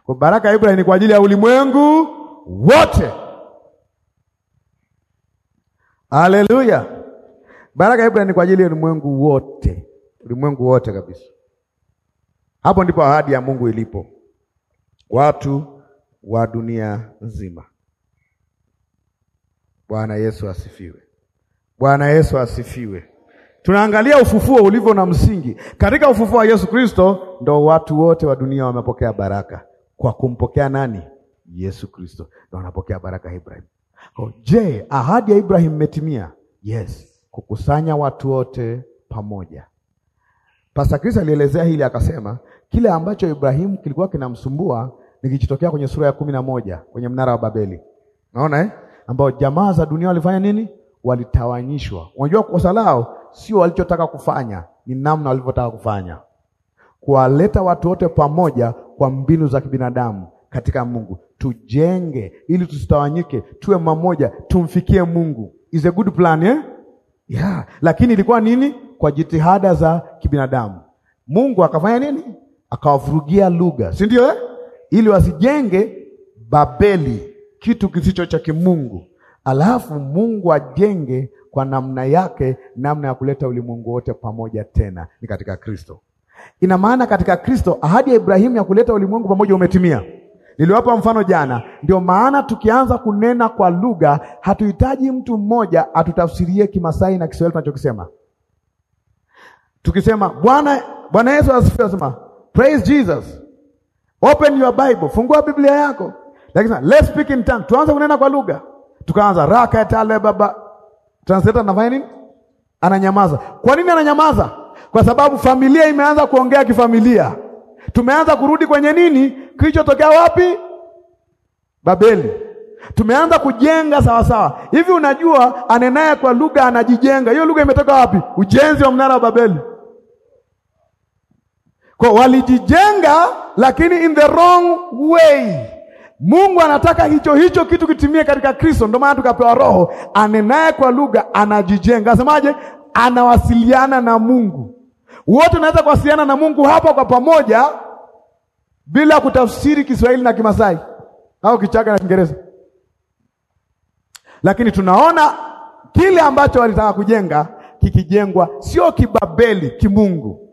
Kwa baraka ya Ibrahim ni kwa ajili ya ulimwengu wote. Haleluya! Baraka ya Ibrahim ni kwa ajili ya ulimwengu wote, ulimwengu wote kabisa. Hapo ndipo ahadi ya Mungu ilipo watu wa dunia nzima. Bwana Yesu asifiwe. Bwana Yesu asifiwe. Tunaangalia ufufuo ulivyo na msingi. Katika ufufuo wa Yesu Kristo ndo watu wote wa dunia wamepokea baraka. Kwa kumpokea nani? Yesu Kristo ndo wanapokea baraka ya Ibrahim. Oh, je, ahadi ya Ibrahim imetimia? Yes, kukusanya watu wote pamoja. Pastor Chris alielezea hili akasema, kile ambacho Ibrahimu kilikuwa kinamsumbua nikijitokea kwenye sura ya kumi na moja kwenye mnara wa Babeli. Unaona eh? Ambao jamaa za dunia walifanya nini? Walitawanyishwa. Unajua kosa lao sio walichotaka kufanya, ni namna walivyotaka kufanya, kuwaleta watu wote pamoja kwa mbinu za kibinadamu katika Mungu. Tujenge ili tusitawanyike, tuwe mamoja, tumfikie Mungu. Is a good plan eh? Yeah. Lakini ilikuwa nini? Kwa jitihada za kibinadamu Mungu akafanya nini? Akawavurugia lugha, si ndio eh? ili wasijenge Babeli, kitu kisicho cha kimungu, alafu Mungu ajenge kwa namna yake, namna ya kuleta ulimwengu wote pamoja tena ni katika Kristo. Ina maana katika Kristo ahadi ya Ibrahimu ya kuleta ulimwengu pamoja umetimia. Niliwapa mfano jana, ndio maana tukianza kunena kwa lugha hatuhitaji mtu mmoja atutafsirie Kimasai na Kiswahili tunachokisema. Tukisema Bwana Bwana Yesu asifiwe, asema praise Jesus Open your Bible, fungua Biblia yako. Lakini let's speak in tongues. Tuanze kunena kwa lugha. Tukaanza raka tale baba. Translator anafanya nini? Ananyamaza. Kwa nini ananyamaza? Kwa sababu familia imeanza kuongea kifamilia. Tumeanza kurudi kwenye nini? Kilichotokea wapi? Babeli. Tumeanza kujenga sawa sawa. Hivi unajua anenaye kwa lugha anajijenga. Hiyo lugha imetoka wapi? Ujenzi wa mnara wa Babeli. Kwa walijijenga lakini in the wrong way. Mungu anataka hicho hicho kitu kitimie katika Kristo, ndio maana tukapewa Roho anenaye kwa lugha, anajijenga. Asemaje? Anawasiliana na Mungu. Wote unaweza kuwasiliana na Mungu hapa kwa pamoja bila kutafsiri Kiswahili na Kimasai au Kichaga na Kiingereza, lakini tunaona kile ambacho walitaka kujenga kikijengwa, sio kibabeli, kimungu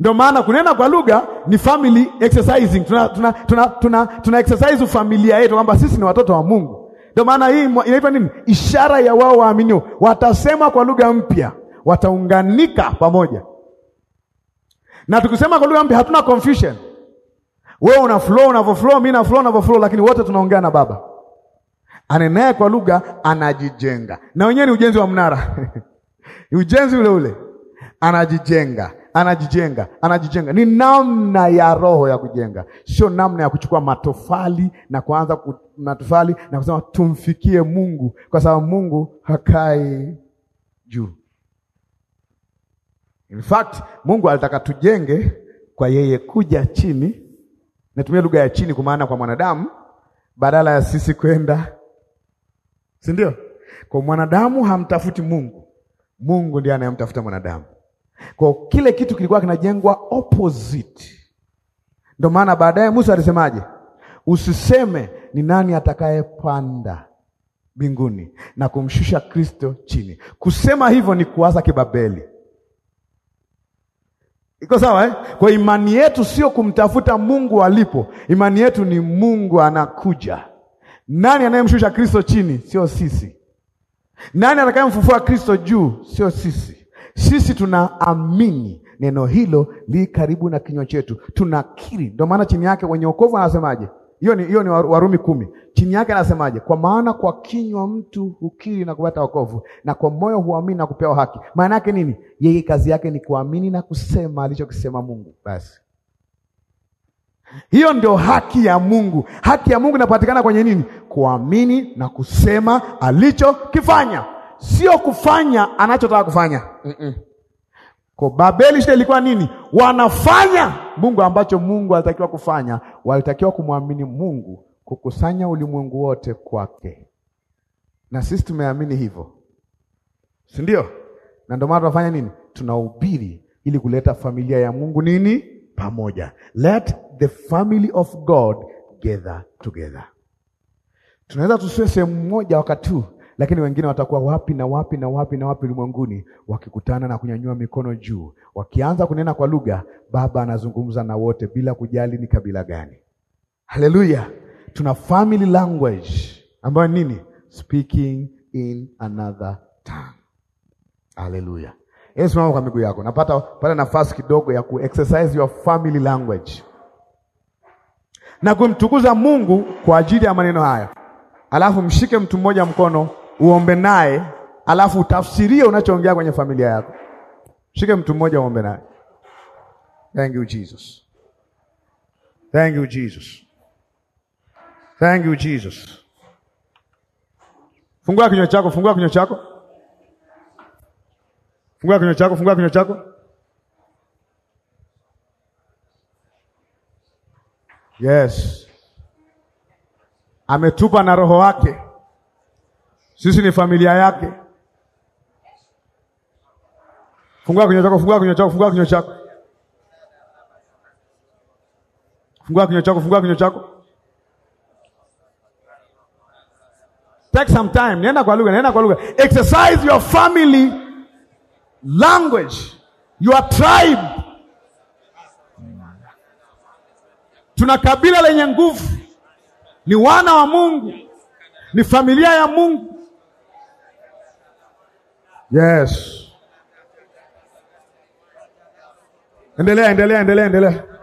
ndio maana kunena kwa lugha ni family exercising. Tuna, tuna, tuna, tuna, tuna exercise ufamilia yetu kwamba sisi ni watoto wa Mungu. Ndio maana hii inaitwa nini? Ishara ya wao waaminio, watasema kwa lugha mpya, wataunganika pamoja. Na tukisema kwa lugha mpya hatuna confusion. Wewe una flow unavyo flow, mimi na flow unavyo flow, lakini wote tunaongea na Baba. Anenaye kwa lugha anajijenga, na wenyewe ni ujenzi wa mnara [laughs] ujenzi ule ule, anajijenga anajijenga, anajijenga. Ni namna ya roho ya kujenga, sio namna ya kuchukua matofali na kuanza matofali na kusema tumfikie Mungu, kwa sababu Mungu hakai juu. In fact, Mungu alitaka tujenge kwa yeye kuja chini, natumia lugha ya chini kwa maana kwa mwanadamu, badala ya sisi kwenda, si ndio? Kwa mwanadamu hamtafuti Mungu, Mungu ndiye anayemtafuta mwanadamu. Kwa kile kitu kilikuwa kinajengwa opposite. Ndio maana baadaye Musa alisemaje? Usiseme ni nani atakayepanda mbinguni na kumshusha Kristo chini. Kusema hivyo ni kuwaza kibabeli. Iko sawa eh? Kwa imani yetu sio kumtafuta Mungu alipo. Imani yetu ni Mungu anakuja. Nani anayemshusha Kristo chini? Sio sisi. Nani atakayemfufua Kristo juu? Sio sisi. Sisi tunaamini neno hilo li karibu na kinywa chetu, tunakiri. Ndio maana chini yake wenye wokovu anasemaje? Hiyo ni, hiyo ni Warumi kumi. Chini yake anasemaje? Kwa maana kwa kinywa mtu hukiri na kupata wokovu, na kwa moyo huamini na kupewa haki. Maana yake nini? Yeye kazi yake ni kuamini na kusema alichokisema Mungu. Basi hiyo ndio haki ya Mungu. Haki ya Mungu inapatikana kwenye nini? Kuamini na kusema alichokifanya sio kufanya anachotaka kufanya mm -mm. Kwa Babeli shida ilikuwa nini? Wanafanya Mungu ambacho Mungu alitakiwa kufanya, walitakiwa kumwamini Mungu, kukusanya ulimwengu wote kwake, na sisi tumeamini hivyo, si ndio? Na ndio maana tunafanya nini? Tunahubiri ili kuleta familia ya Mungu nini pamoja, let the family of God gather together. Tunaweza tusiwe sehemu moja wakati huu lakini wengine watakuwa wapi na wapi na wapi na wapi ulimwenguni, wakikutana na kunyanyua mikono juu, wakianza kunena kwa lugha, Baba anazungumza na wote bila kujali ni kabila gani. Haleluya! Tuna family language ambayo nini? Speaking in another tongue. Haleluya! Hebu simama kwa miguu yako, napata pata nafasi kidogo ya kuexercise your family language na kumtukuza Mungu kwa ajili ya maneno haya. Alafu mshike mtu mmoja mkono uombe naye, alafu utafsirie unachoongea kwenye familia yako. Shike mtu mmoja uombe naye. Thank you Jesus. Thank you Jesus. Thank you Jesus. Fungua kinywa chako, fungua kinywa chako. Fungua kinywa chako, fungua kinywa chako. Yes. Ametupa na roho wake sisi ni familia yake. Fungua kinywa chako, fungua kinywa chako, fungua kinywa chako. Fungua kinywa chako, fungua kinywa chako. Take some time. Nenda kwa lugha, nenda kwa lugha. Exercise your family language, your tribe. Tuna kabila lenye nguvu, ni wana wa Mungu, ni familia ya Mungu. Yes. Endelea, endelea, endelea, endelea.